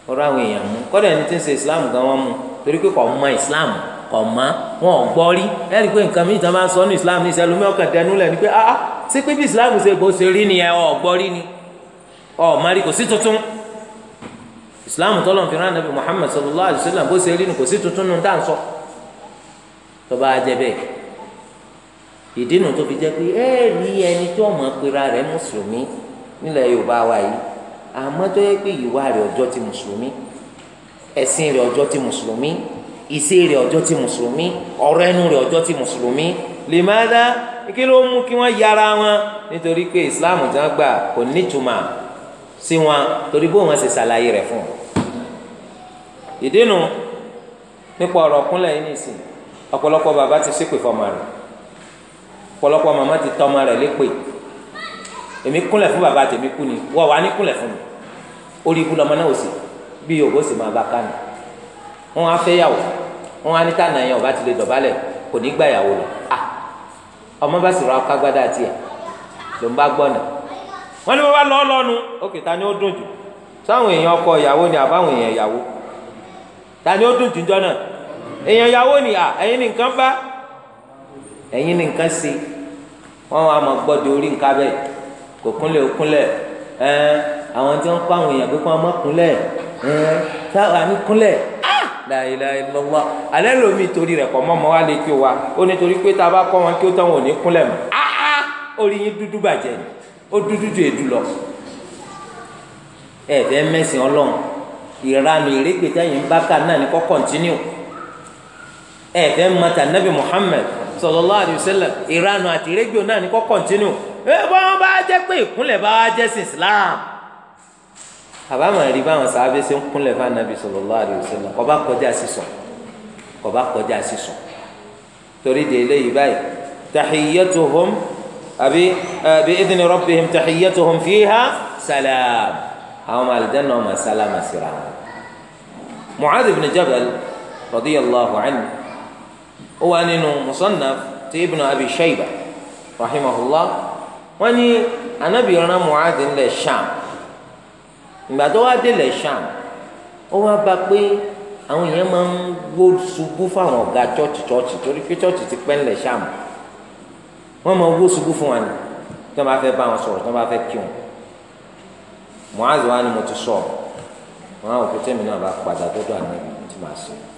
ó ráwọn èèyàn mú kọ́dà ẹni tí ń ṣe islam gan wọn mú torí pé kò mọ islam kò mọ wọn ò gbọ́ rí ẹ rí i pé nǹkan mi ìtàn máa ń sọ ní islam ní ìṣẹlúmí ọkàn dẹnu lẹ ni pé ah, ah ṣé pé bí islam ṣe gbó ṣe rí nìyẹn ọ gbọ́ rí ni ọ mari kò sí tuntun islam tọ́lọ̀ fi rán nàbì muhammad sallallahu alayhi wa sallam bó ṣe rí ni kò sí tuntun nù dáńsọ tó bá jẹ bẹ́ẹ̀ ìdí nu tó fi jẹ́ pé ẹ ní ẹni tó mọ̀ pera rẹ̀ mùsùlùmí nílẹ̀ yorùbá wa yìí àmọ́ tó yẹ pé ìwà rẹ̀ ọjọ́ ti mùsùlùmí ẹ̀sìn rẹ̀ ọjọ́ ti mùsùlùmí ìṣe rẹ̀ ọjọ́ ti mùsùlùmí ọ̀rọ̀ ẹnu rẹ̀ ọjọ́ ti mùsùlùmí lè má dá kí ló mú kí wọ́n yára wọn nítorí pé ìsìláàmù tí wọ́n gbà kò nítumọ̀ sí wọn torí bó wọn ṣe ṣàlàyé rẹ̀ fún wọn. ìdí nípa ọ̀rọ̀ ọ̀kúnlẹ̀ yìí nìsín ọ̀pọ̀lọpọ̀ bàbá ti ṣépè fọmọ rẹ̀ pọ̀lọpọ̀ màmá ti tọ́ ọmọ rẹ̀ lépè èmi kúnlẹ̀ fún bàbá tèmi kú ni wọ́n wà ní kúnlẹ̀ fún mi orí ikú lọmọ náà ò sì bí yòówó sì máa bá kánú wọn á fẹ́ yàwó wọn á ní tànà yẹn ọba ti lè dọ̀bálẹ̀ kò ní gbà yàwó lọ à ọmọ bá sì rọ akágbádá tiẹ̀ ló ń bá gbọ́nà wọn ni wọn bá lọ lọnu òkè ta ni ó dùn jù sáwọn èèyàn ọkọ ìyàwó ni àbáwọn èèyàn ìyàwó ta ni ó dùn jù jọ náà èèyàn ìyàwó ẹ̀yin ní nǹkan sí wọ́n wá máa gbọ́ di orí nǹkan bẹ́ẹ̀ kò kúnlẹ̀ ó kúnlẹ̀ ẹ̀ àwọn tí wọ́n pa àwọn èèyàn pé kí wọ́n má kúnlẹ̀ ẹ̀ táwọn àmì kúnlẹ̀ láìláì ah! lọ́wọ́ alẹ́ lomi torí rẹ̀ kọ́ mọ́mọ́ wa lè kí o wa ó nítorí pé tá a bá kọ́ wọn kí ó tán wọn ò ní kúnlẹ̀ mọ́ áá ah, ah! orí yín dúdú bàjẹ́ ni ó dúdú ju èdú lọ. ẹ fẹ́ mẹ́sìn ọlọ́run ìranù ìrégbè tẹ́yìn náà ni kọ́ kọ́ntínú ẹ fẹ́ mọ́ta nabi Muhammad sallallahu alaihi wasallam ìranù àti ìrẹ́gbẹ̀ọ́ náà ní kọ́ kọ́ntínú ẹ wọ́n bá jẹ́ pé ìkúnlẹ̀ bá wá jẹ́ sí islam àbámọ̀ rí báwọn sábẹ́ ṣe ń kúnlẹ̀ fún anabi sallallahu alaihi wasallam kọjá sísọ kọ́ kọjá sísọ torí de eléyìí báyìí tahiyyatuhum àbí bi idhni rabbihim tahiyyatuhum fiha salam àwọn màlìjánà ọmọ sálámà síra wọn. ibn Jabal radiyallahu anhu ó wà nínú musannaf ti ibn abi shayba rahimahullah wọ́n ní anabi sham ìgbà tó wá sham ó wá bá pé àwọn máa ń gbó ṣubú fáwọn torí sham máa gbó ṣubú fún wa ni tí wọ́n bá fẹ́ bá wọn tí bá kí wọn wa ni mo ti wọn náà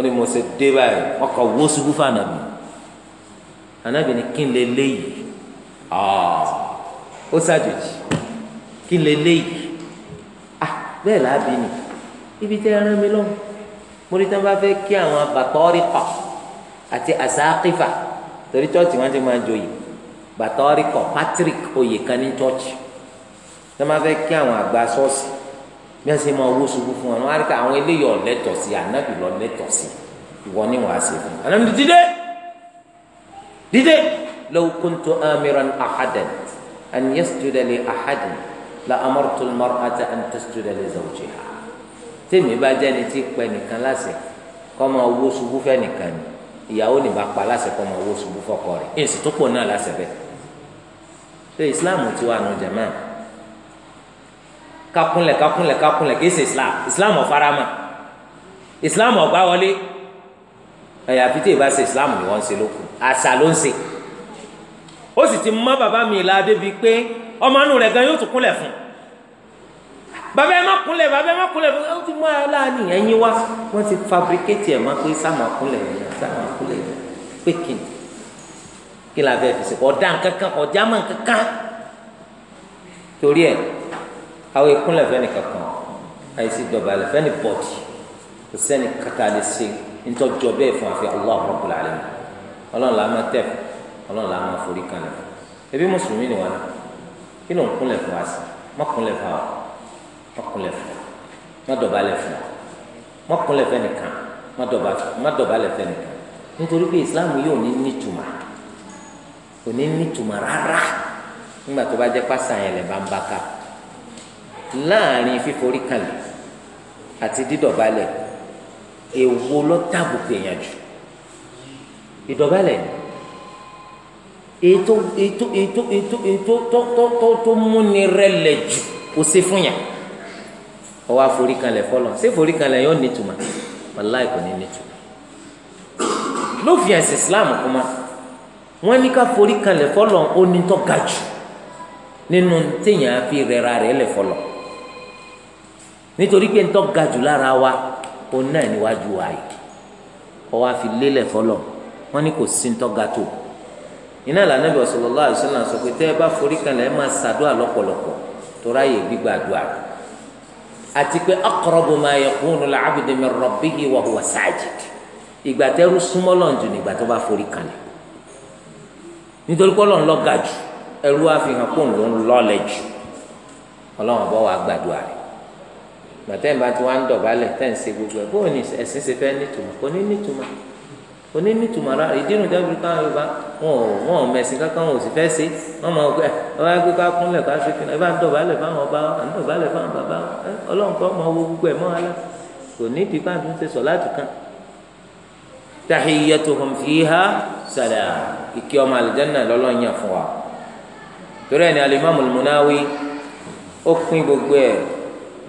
wọ́n ní mo ṣe dé báyìí wọ́n kọ wó ṣubú fún ànàbì ànàbì ni kí n lè léyìí ah, ó ṣàjèjì kí n lè léyìí ah, bẹ́ẹ̀ láàbì ni ibi tẹ́ ẹran mi lọ́wọ́ mo ní tí wọ́n bá fẹ́ kí àwọn bàtọ́rì kọ̀ àti àsáàkìfà torí chọ́ọ̀chì wọn ti máa joyè bàtọ́rì kọ̀ Patrick oyè kan ní chọ́ọ̀chì tí bá fẹ́ kí àwọn àgbà sọ́ọ̀sì bí wọn ṣe máa wó ṣubú fún wọn wọn á rí ká àwọn eléyìí ọ̀lẹ́tọ̀ sí ànábì lọ lẹ́tọ̀ sí ìwọ ni wọn á ṣe fún ànábì dídé dídé law kuntu amiran ahadan an yasjuda li la amartu al-mar'ata an tasjuda li zawjiha tèmi bá jẹ́ni tí pẹ́ nìkan láṣẹ kọ́ máa wó ṣubú fẹ́ nìkan ni ìyàwó ni bá pa láṣẹ kọ́ máa wó ṣubú fọ́kọ rẹ̀ èsì tó pọ̀ náà láṣẹ bẹ́ẹ̀ kakunlẹ̀ kakunlẹ̀ kakunlẹ̀ kìí ṣe islam islam ọ̀farama islam ọ̀gbá wọlé ẹ̀yà fìtí ìbá ṣe islam ni wọ́n ń ṣe lókun àṣà ló ń ṣe ó sì ti mọ bàbá mi ìlà débi pé ọmọ inú rẹ̀ gan yóò tún kúnlẹ̀ fún bàbá ẹ má kúnlẹ̀ bàbá ẹ má kúnlẹ̀ ó ti mọ aláàánú ẹ̀yìn wá wọ́n ti fabricate ẹ̀ mọ́ pé sáàmà kúnlẹ̀ yẹn sáàmà kúnlẹ̀ yẹn pé kí kí la fẹ́ fi ṣe ọ̀dà kankan ọ̀já kankan torí ẹ̀ àwọn ìkúnlẹ̀ fẹ́ni kankan àìsí dọ̀bálẹ̀ fẹ́ni bọ̀dì kò sẹ́ni kàtà lè ṣe ntọ́jọ́ bẹ́ẹ̀ fún àfi Allah Rabbul Alamin ọlọ́run là máa tẹ̀ ọlọ́run là máa forí kalẹ̀ ẹbí mùsùlùmí ni wọn kí ló ń kúnlẹ̀ fún wa sí mọ́kúnlẹ̀ fún wa mọ́kúnlẹ̀ fún wa mọ́dọ̀bálẹ̀ fún wa mọ́kúnlẹ̀ fẹ́ni kan mọ́dọ̀bálẹ̀ fẹ́ni kan nítorí pé Islam yóò ní nítumà kò ní nítumà rárá nígbà tó bá jẹ́ pásá yẹn lè bá ń bá ká láàrin fíforí kalẹ̀ àti dídọ̀bálẹ̀ èwo ló tàbùkù èèyàn jù ìdọ̀bálẹ̀ ètò ètò ètò ètò ètò tọ́tọ́tọ́ tó múni rẹlẹ̀ jù kò sí fún yàn ọwọ́ àforí kalẹ̀ fọlọ́ ṣé forí kalẹ̀ yóò nítumọ̀ wàláì kò ní nítumọ̀ lófin ẹ̀sìn Islam kọ́má wọ́n ní ká forí kalẹ̀ fọlọ́ ó ní nínú téèyàn á fi rẹra rẹ̀ lẹ̀ fọlọ́ nítorí pé ntọ́ ga jù lára wa òun náà níwájú wa yìí ọwọ́ àfi lélẹ̀ fọlọ́ wọn ni kò sí ntọ́ ga tó iná ìlànà Ànábì sallallahu alaihi wasallam sọ pé tẹ́ ẹ bá forí kanlẹ̀ ẹ máa ṣàdúrà lọ́pọ̀lọpọ̀ tó ráyè gbígbàdúrà àti pé aqrabu ma yakunu al-abdu min rabbihi wa huwa sajid ìgbà tẹ́rú súnmọ́ lọ́njù nígbà tó bá forí kanlẹ̀ nítorí pé Ọlọ́run ló jù ẹrú wa fi hàn kó ń lọ́lẹ̀ jù Ọlọ́run bọ́ wa gbàdúrà rẹ̀ gbàtẹ́ ìbá tí wọ́n á ń dọ̀bálẹ̀ tẹ́ ń ṣe gbogbo ẹ̀ bóun ni ẹ̀sìn ṣe fẹ́ nítumọ̀ kò ní nítumọ̀ kò ní nítumọ̀ rárá ìdírun jábìrì káwọn yorùbá wọn ò wọn ò mẹ̀sìn kankan wọn ò sì fẹ́ ṣe wọn máa gbé ẹ wá gbé ká kúnlẹ̀ ká ṣe kíni ẹ bá ń dọ̀bálẹ̀ fáwọn ọba wa ń dọ̀bálẹ̀ fáwọn bàbá wa ẹ ọlọ́run kọ́ máa wo gbogbo ẹ̀ mọ́ alá kò ní ti ká tún ṣe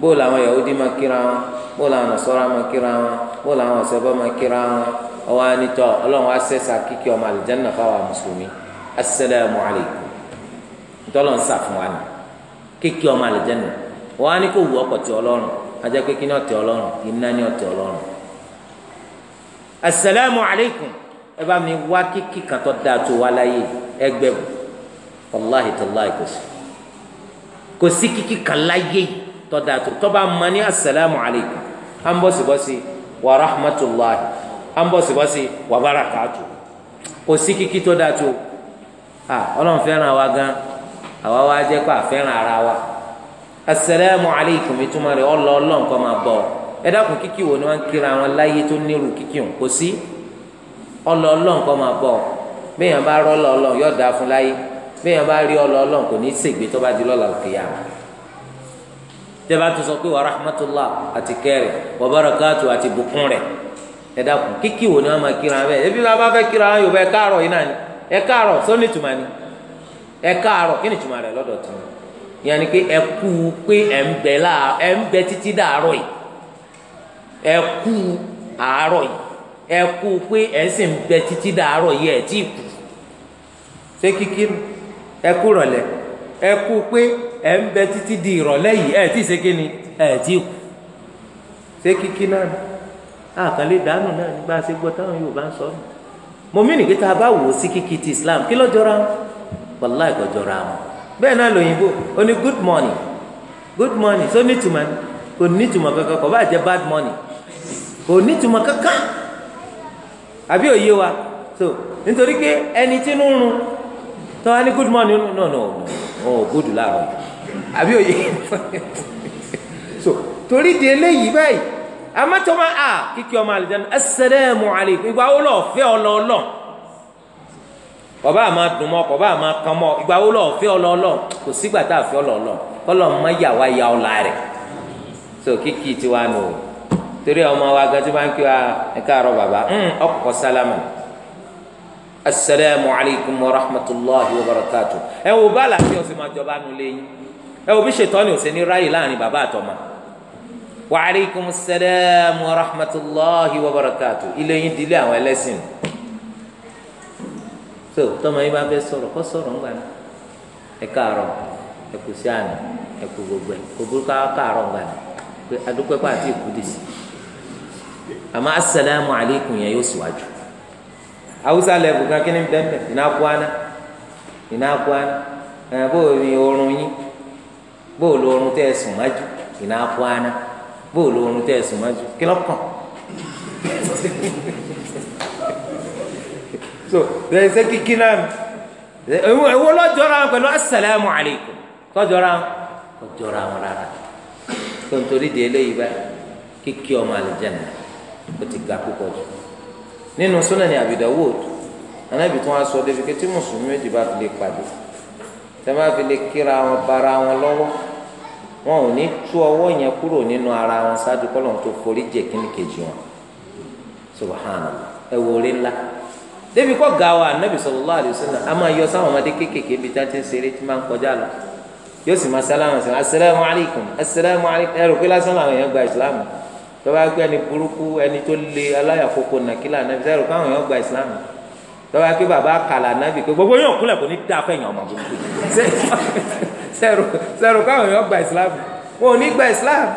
bóò làwọn yahudi máa kíra wọn bóò làwọn nasọra máa kíra wọn bóò làwọn ọsẹbọ máa kíra wọn ọwọ anitọ Ọlọ́run wa sẹsà kíkẹ ọmọ alìjẹnà fáwọn mùsùlùmí asalaamu alaykum ntọ́lọ́ ń sà fún wa ni kíkẹ ọmọ alìjẹnà wọn á ní kó wù ọkọ̀ tí Ọlọ́run ajá pé kí ni ọ̀tẹ̀ Ọlọ́run iná ni ọ̀tẹ̀ Ọlọ́run asalaamu alaykum ẹ bá mi wá kíkì kan dáa tó wá láyé ẹgbẹ́ wò kò sí kò sí kíkì kan láyé yìí tọ́da tó tọ́ba mọ ní asalaamu aleykum an wa rahmatulahi an bọ̀ wa barakatu wa gan àwa wa kó a wa asalaamu aleykum ìtumọ̀ rẹ̀ ọlọ́ ọlọ́run kọ́ kiki ẹ dákun wo ni wọn kíra àwọn láyé tó nírú kíkí òun kò sí ọlọ́ ọlọ́run kọ́ máa bọ̀ bẹ́ẹ̀ yẹn bá di òkè yàrá. tẹ́bà tó sọ pé wa àti wa àti bùkún rẹ̀ ẹ dákun kíkì wo ni wọn máa kíra bẹ́ẹ̀ ebi bá bá fẹ́ kíra wọn yóò bá ẹ yìí náà ni sọ tuma ni ẹ káàárọ̀ kí ni tuma rẹ̀ tó ni ìyẹn pé ẹ kú pé ẹ ń bẹ láà ẹ ń bẹ títí dàárọ̀ yìí ẹ kú àárọ̀ yìí ẹ kú pé ẹ sì ń bẹ títí yìí ẹ tí ẹ̀ ń bẹ títí di ìrọ̀lẹ́ yìí ẹ̀ tí ì ṣe kí ni ẹ̀ tí ì kú ṣé kíkí náà ni àkàlẹ́ ìdánù náà nígbà ṣe gbọ́ táwọn Yorùbá ń sọ ọ́ mo mí nìkí bá wò ó sí kíkí ti Islam kí ló jọra wọn wàláì kò jọra wọn bẹ́ẹ̀ náà lòyìnbó ó ní good money. good morning so ní tùmọ̀ kò ní tùmọ̀ kankan kò bá jẹ́ bad money. kò ní tùmọ̀ kankan àbí òye wa so nítorí pé ẹni tí ń rún tọ́wá ní good money. no no no Oh good láàárọ̀ yìí àbí òye so torí di eléyìí báyìí amátọ́mọ́ a kíkí ọmọ àlùjáde assalamu alaykum ìgbà wo lọ fẹ́ ọ lọ lọ kọba àmà dùn mọ kọba àmà kàn mọ ìgbà wo lọ fẹ́ ọ lọ lọ kò sígbà tá a fẹ́ ọ lọ lọ kọlọ mọ yà wá ya ọ la rẹ so kíkì tiwa nù o torí ọmọ wa gan tí wọn kí wa ẹ káàárọ̀ bàbá ọkọ hmm, sálámà asalaamualeykum wa rahmatulahi ẹ wo bí ṣètọ́ni ò sí ní ráyè láàrin bàbá àtọmọ. wa alaikum salam wa rahmatullahi wa barakatuh ilé yín dilé àwọn ẹlẹ́sìn. so tọmọ yín bá fẹ́ sọ̀rọ̀ kọ́ sọ̀rọ̀ ńgbà ni ẹ káàárọ̀ ẹ kù sí àná ẹ kù gbogbo ẹ kò burúkú káàárọ̀ ńgbà ni pé adúpẹ́ pa àti ìkúdì sí àmọ́ asalaamu aleykum yẹn yóò síwájú hausa lẹ́bù kan kí ni bẹ́ẹ̀ bẹ́ẹ̀ ìnáàkú àná ìnáàkú àná ẹ̀ bó o yín bóòlù oorun tẹ́ ẹ sùn májú ìná apuana bóòlù oorun tẹ́ sùn májú kí [laughs] so ẹ ṣe kíkí náà ewu lọ́jọ́ra wọn pẹ̀lú asalaamu alaykum tọ́jọ́ra wọn tọ́jọ́ra wọn rárá tó ń torí de eléyìí báyìí kíkí ọmọ àlùjánnà ó ti ga púpọ̀ jù nínú Sunan Abi Dawud anábì tí wọ́n á sọ débi kí mùsùlùmí méjì bá fi lè pàdé tẹ́lẹ̀ fi lè kíra wọn bara wọn lọ́wọ́ wọn ò ní tú ọwọ́ yẹn kúrò nínú ara wọn ṣáájú kọ́ lọ́n tó forí jẹ kíni kejì wọn subhanallah ẹ wò orí ńlá débi kọ́ ga wa anabi sallallahu alaihi wasallam a máa yọ sáwọn ọmọdé kéékèèké bíi tá a ti ń ṣeré tí máa ń kọjá lọ yóò sì máa sálámù sí asalaamu alaykum asalaamu alaykum ẹ rò pé lásán làwọn èèyàn gba ìsìlámù tọ́ba gbé ẹni burúkú ẹni tó le aláyàkókò nàkílà anabi sẹ́rù pé àwọn èèyàn gba ìsìlámù tọ́wọ́ pé bàbá kàlà nábì pé gbogbo yóò kúnlẹ̀ kò ní dá fẹ̀yìn ọmọ gbogbo sẹ́rù sẹ́rù káwọn èèyàn gba ìsìláàmù wọn ò ní gba ìsìláàmù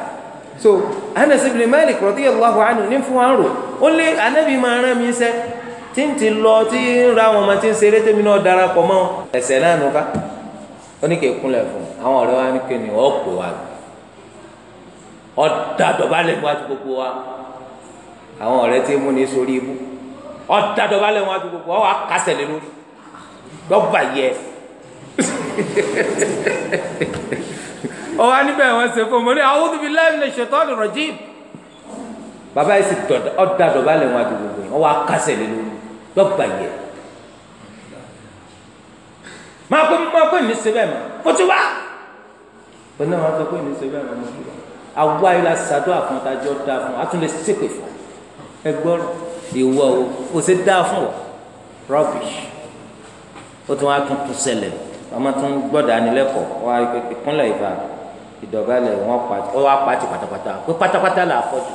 so Anas ibn Malik radiyallahu anhu ní fún wa ń rò ó lé anábì máa rán mi sẹ́ tí ń ti lọ tí ń ra àwọn ọmọ tí ń ṣeré tẹ́mi náà darapọ̀ mọ́ ẹ̀sẹ̀ náà nù ká ó ní kí kúnlẹ̀ fún àwọn ọ̀rẹ́ wa ní kí ni ọ̀ pò wa ọ̀ dàdọ̀ bá lẹ̀ fún wa tó gbogbo wa àwọn ọ̀rẹ́ tí mú ní sórí ibú ọ̀tá dọ̀bà lẹ́wọ̀n àdúgbò ọ̀ wà kásẹ̀ lé lórí dọ́gba yẹ ọwọ́ níbẹ̀ wọ́n ṣe fún mi ní a'udhu billahi minash shaitani rajim bàbá yìí sì tọ̀ ọ̀dà dọ̀bà lẹ́wọ̀n àdúgbò yìí ọ̀ wà kásẹ̀ lé lórí dọ́gba yẹ máa pé máa pé mi ṣe bẹ́ẹ̀ mọ́ mo ti wá pẹ̀lú àwọn sọ pé mi ṣe bẹ́ẹ̀ mọ́ mo ti wá àwa yìí la ṣàdó àfọ̀ntàjọ́ da fún wa a fún ẹgbọ́rún ìwọ o kò sí dáa fún ọ rubbish ó tún wá tún tún ṣẹlẹ̀ ọmọ tún gbọ́dọ̀ anilẹ́kọ̀ọ́ wá ìpínlẹ̀ ìfà ìdọ̀bálẹ̀ wọn pàtì ó wá pàtì pátápátá pé pátápátá là á fọ́jú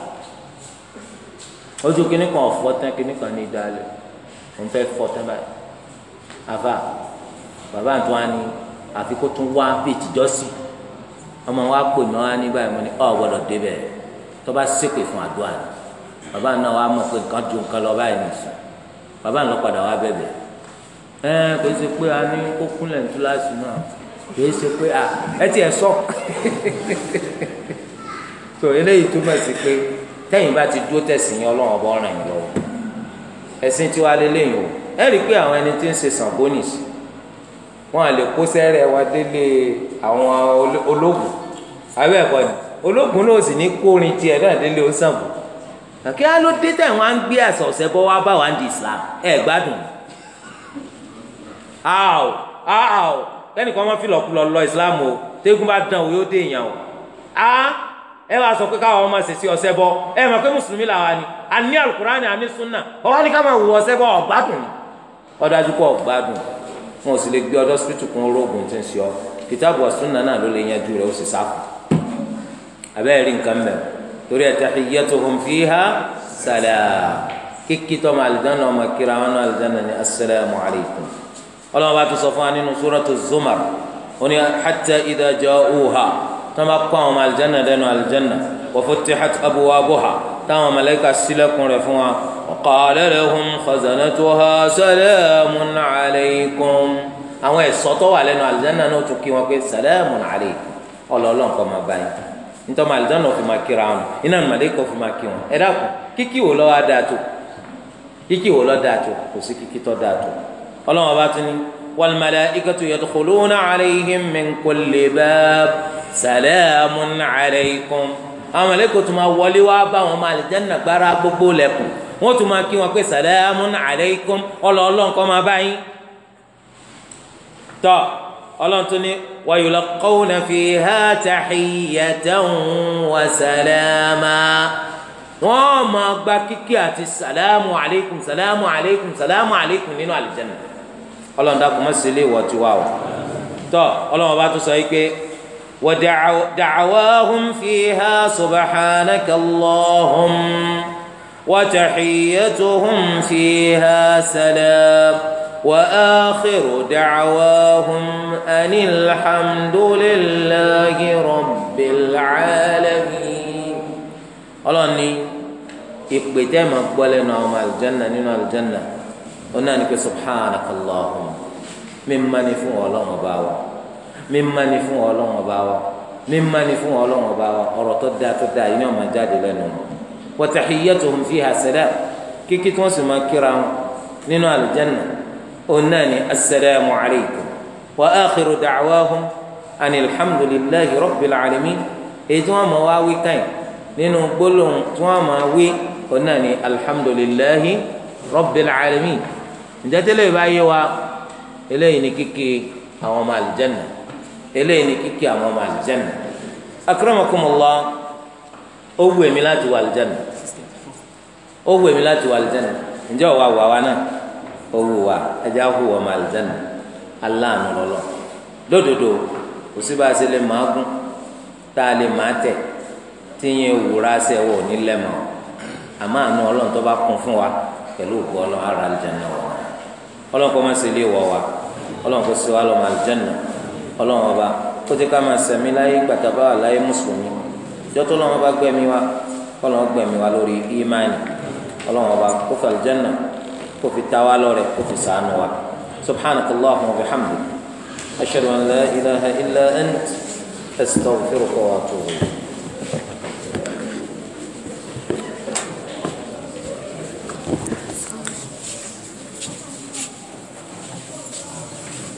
ojú kínní kan ọ̀fọ́ tán kínní kan ní ìdálẹ̀ òun fẹ́ fọ́ tán báyìí àfà bàbá àtún wa ni àfi kó tún wá bíi tìjọ́ sí ọmọ wa pè mọ́ wa ní báyìí mo ní ọ̀ gbọ́dọ̀ débẹ̀ tó bá ṣépè fún àdúrà ni bàbá náà wàá mọ̀ pé nǹkan ju nǹkan lọ báyìí nìsín bàbá náà padà wàá bẹ̀bẹ̀ ẹ kò ṣe pé a ní kó kúnlẹ̀ ntúláṣì náà kò ṣe pé a ẹ tiẹ̀ sọ tó [laughs] eléyìí túmọ̀ sí pé tẹ́yìn bá ti dúró tẹ̀sí yín ọlọ́run ọba ọ̀ràn yín lọ́wọ́ ẹ̀sìn tí wàá lélẹ́yìn o ẹ rí i pé àwọn ẹni tí ń ṣe Ṣàngó nìsí wọn à lè kó sẹ́rẹ̀ wa délé àwọn ológun àbẹ́ẹ̀kọ́ ni ológun náà sì ní kórin tiẹ̀ náà délé ó Ṣàngó kí á ló dé tẹ̀wọ́n á ń gbé àṣà ọ̀sẹ̀ bọ́ wá bá wa ń di Islam ẹ̀ gbádùn aw aw kẹ́nìkan máa fi lọ́kùlọ́ lọ Islam o tẹ́gun bá dán o yóò dé èèyàn o a ẹ wàá sọ pé káwọn ọmọ ṣèṣe ọ̀sẹ̀ bọ ẹ mọ̀ pé mùsùlùmí làwa ni a ní alukurani a ní sunna ọwọ́ ni ká máa wù ọ̀sẹ̀ bọ ọ̀gbádùn ọ̀dájú kọ́ ọ̀gbádùn wọn ò sì lè gbé ọdọ́ sípítù kún orógùn tí ń ṣe ọ kìtàbù ọ̀sùn náà ló lè yanjú rẹ̀ torí ẹ̀ tahiyyatuhum fiha salam kíkí tó ma alìjáná ọmọ kíra wọn náà alìjáná ni asalaamu alaykum ọlọ́wọ́n bá tó sọ fún wa nínú suratu zumar ó ní hatta idha ja'uha tó ma kó àwọn ọmọ alìjáná dẹnu alìjáná wa futtihat abwabuha táwọn màláíkà ṣílẹ̀kùn rẹ̀ fún wa wa qala lahum khazanatuha salamun alaykum àwọn ẹ̀ṣọ́ tó wà lẹ́nu alìjáná náà ó kí wọn pé salamun alaykum ọlọ́ọ̀lọ́ nítorí ọmọ àlìjáná fi máa kíra wọn iná ní màlẹ́kọ̀ fi máa kí wọn ẹ dákun kíkí wò lọ́wọ́ dáa tó kíkí wò lọ́ dáa tó kò sí kíkí tó dáa tó ọlọ́wọ́n bá tún ní wal malaikatu yadkhuluna alayhim min kulli bab salamun alaykum àwọn màlẹ́kọ̀ tó máa wọlé wá bá wọn máa àlìjáná gbára gbogbo lẹ́kùn wọ́n tún máa kí wọn pé salamun alaykum ọlọ́ọ̀lọ́ ọlọ́run tó ní wa yulqawna fiha tahiyyatan wa salama wọ́n máa gba kíkí àti salamu alaykum salamu alaykum salamu alaykum nínú àlìjẹ́nà ọlọ́run dàkú mọ́ sílé ìwọ̀ tí wà o tọ́ ọlọ́run bá tún sọ yìí pé wa da'wahum fiha subhanaka Allahumma wa tahiyyatuhum fiha salam. وآخر دعواهم أن الحمد لله رب العالمين Ọlọ́run ní ìpè tẹ́ máa gbọ́ lẹ́nu àwọn aljanna nínú aljanna wọn náà ní pé subhanakallahumma mímá ni fún Ọlọ́run ọba wa mímá ni fún Ọlọ́run ọba wa mímá ni fún Ọlọ́run ọba wa ọ̀rọ̀ tó dáa tó dáa yìí ni wọn máa jáde lẹ́nu wa tahiyyatuhum fiha salam kíkí tí wọn sì máa kíra wọn nínú aljanna onani asalaamu alaykum wa akhiru dacwaahum ani alhamdulilahi rabbil alamin èyí tí wọn máa wá wí káyìn nínú gbólóhùn tí wọn máa wí onani alhamdulilahi rabbil alamin njẹtẹlẹ yìí bá yé wa eléyìí ni kíkì àwọn ọmọ alìjẹnà eléyìí ni kíkì àwọn ọmọ alìjẹnà akramakumullah ó wù èmi láti wà alìjẹnà ó èmi láti wà alìjẹnà ǹjẹ́ ò wá wà náà owó wa ẹja hu wà má àlùjáná aláàánú lọlọ lódodo kò sí bá a ṣe lè máa gún tá a lè máa tẹ tíyẹn wúra ṣe wọ nílẹ̀ mọ́ àmọ́ àánú Ọlọ́run tó bá kún fún wa pẹ̀lú òkú Ọlọ́run ara àlùjáná wọn Ọlọ́run kò má ṣe lè wọ wa Ọlọ́run kò sí wa lọ má àlùjáná Ọlọ́run ọba kó tí ká máa sẹmí láyé gbàtàbá láyé mùsùlùmí jọtọ lọ́wọ́ bá gbẹ̀mí wa kọlọn gbẹ̀mí wa lórí ìmánì Ọlọ́run ọba kó fà àlùjáná. kó fi ta wá lọ́rẹ̀ kó fi sànù wa subhanaka allahumma wa bihamdik ashhadu an la ilaha illa ant astaghfiruka wa atubu ilayk.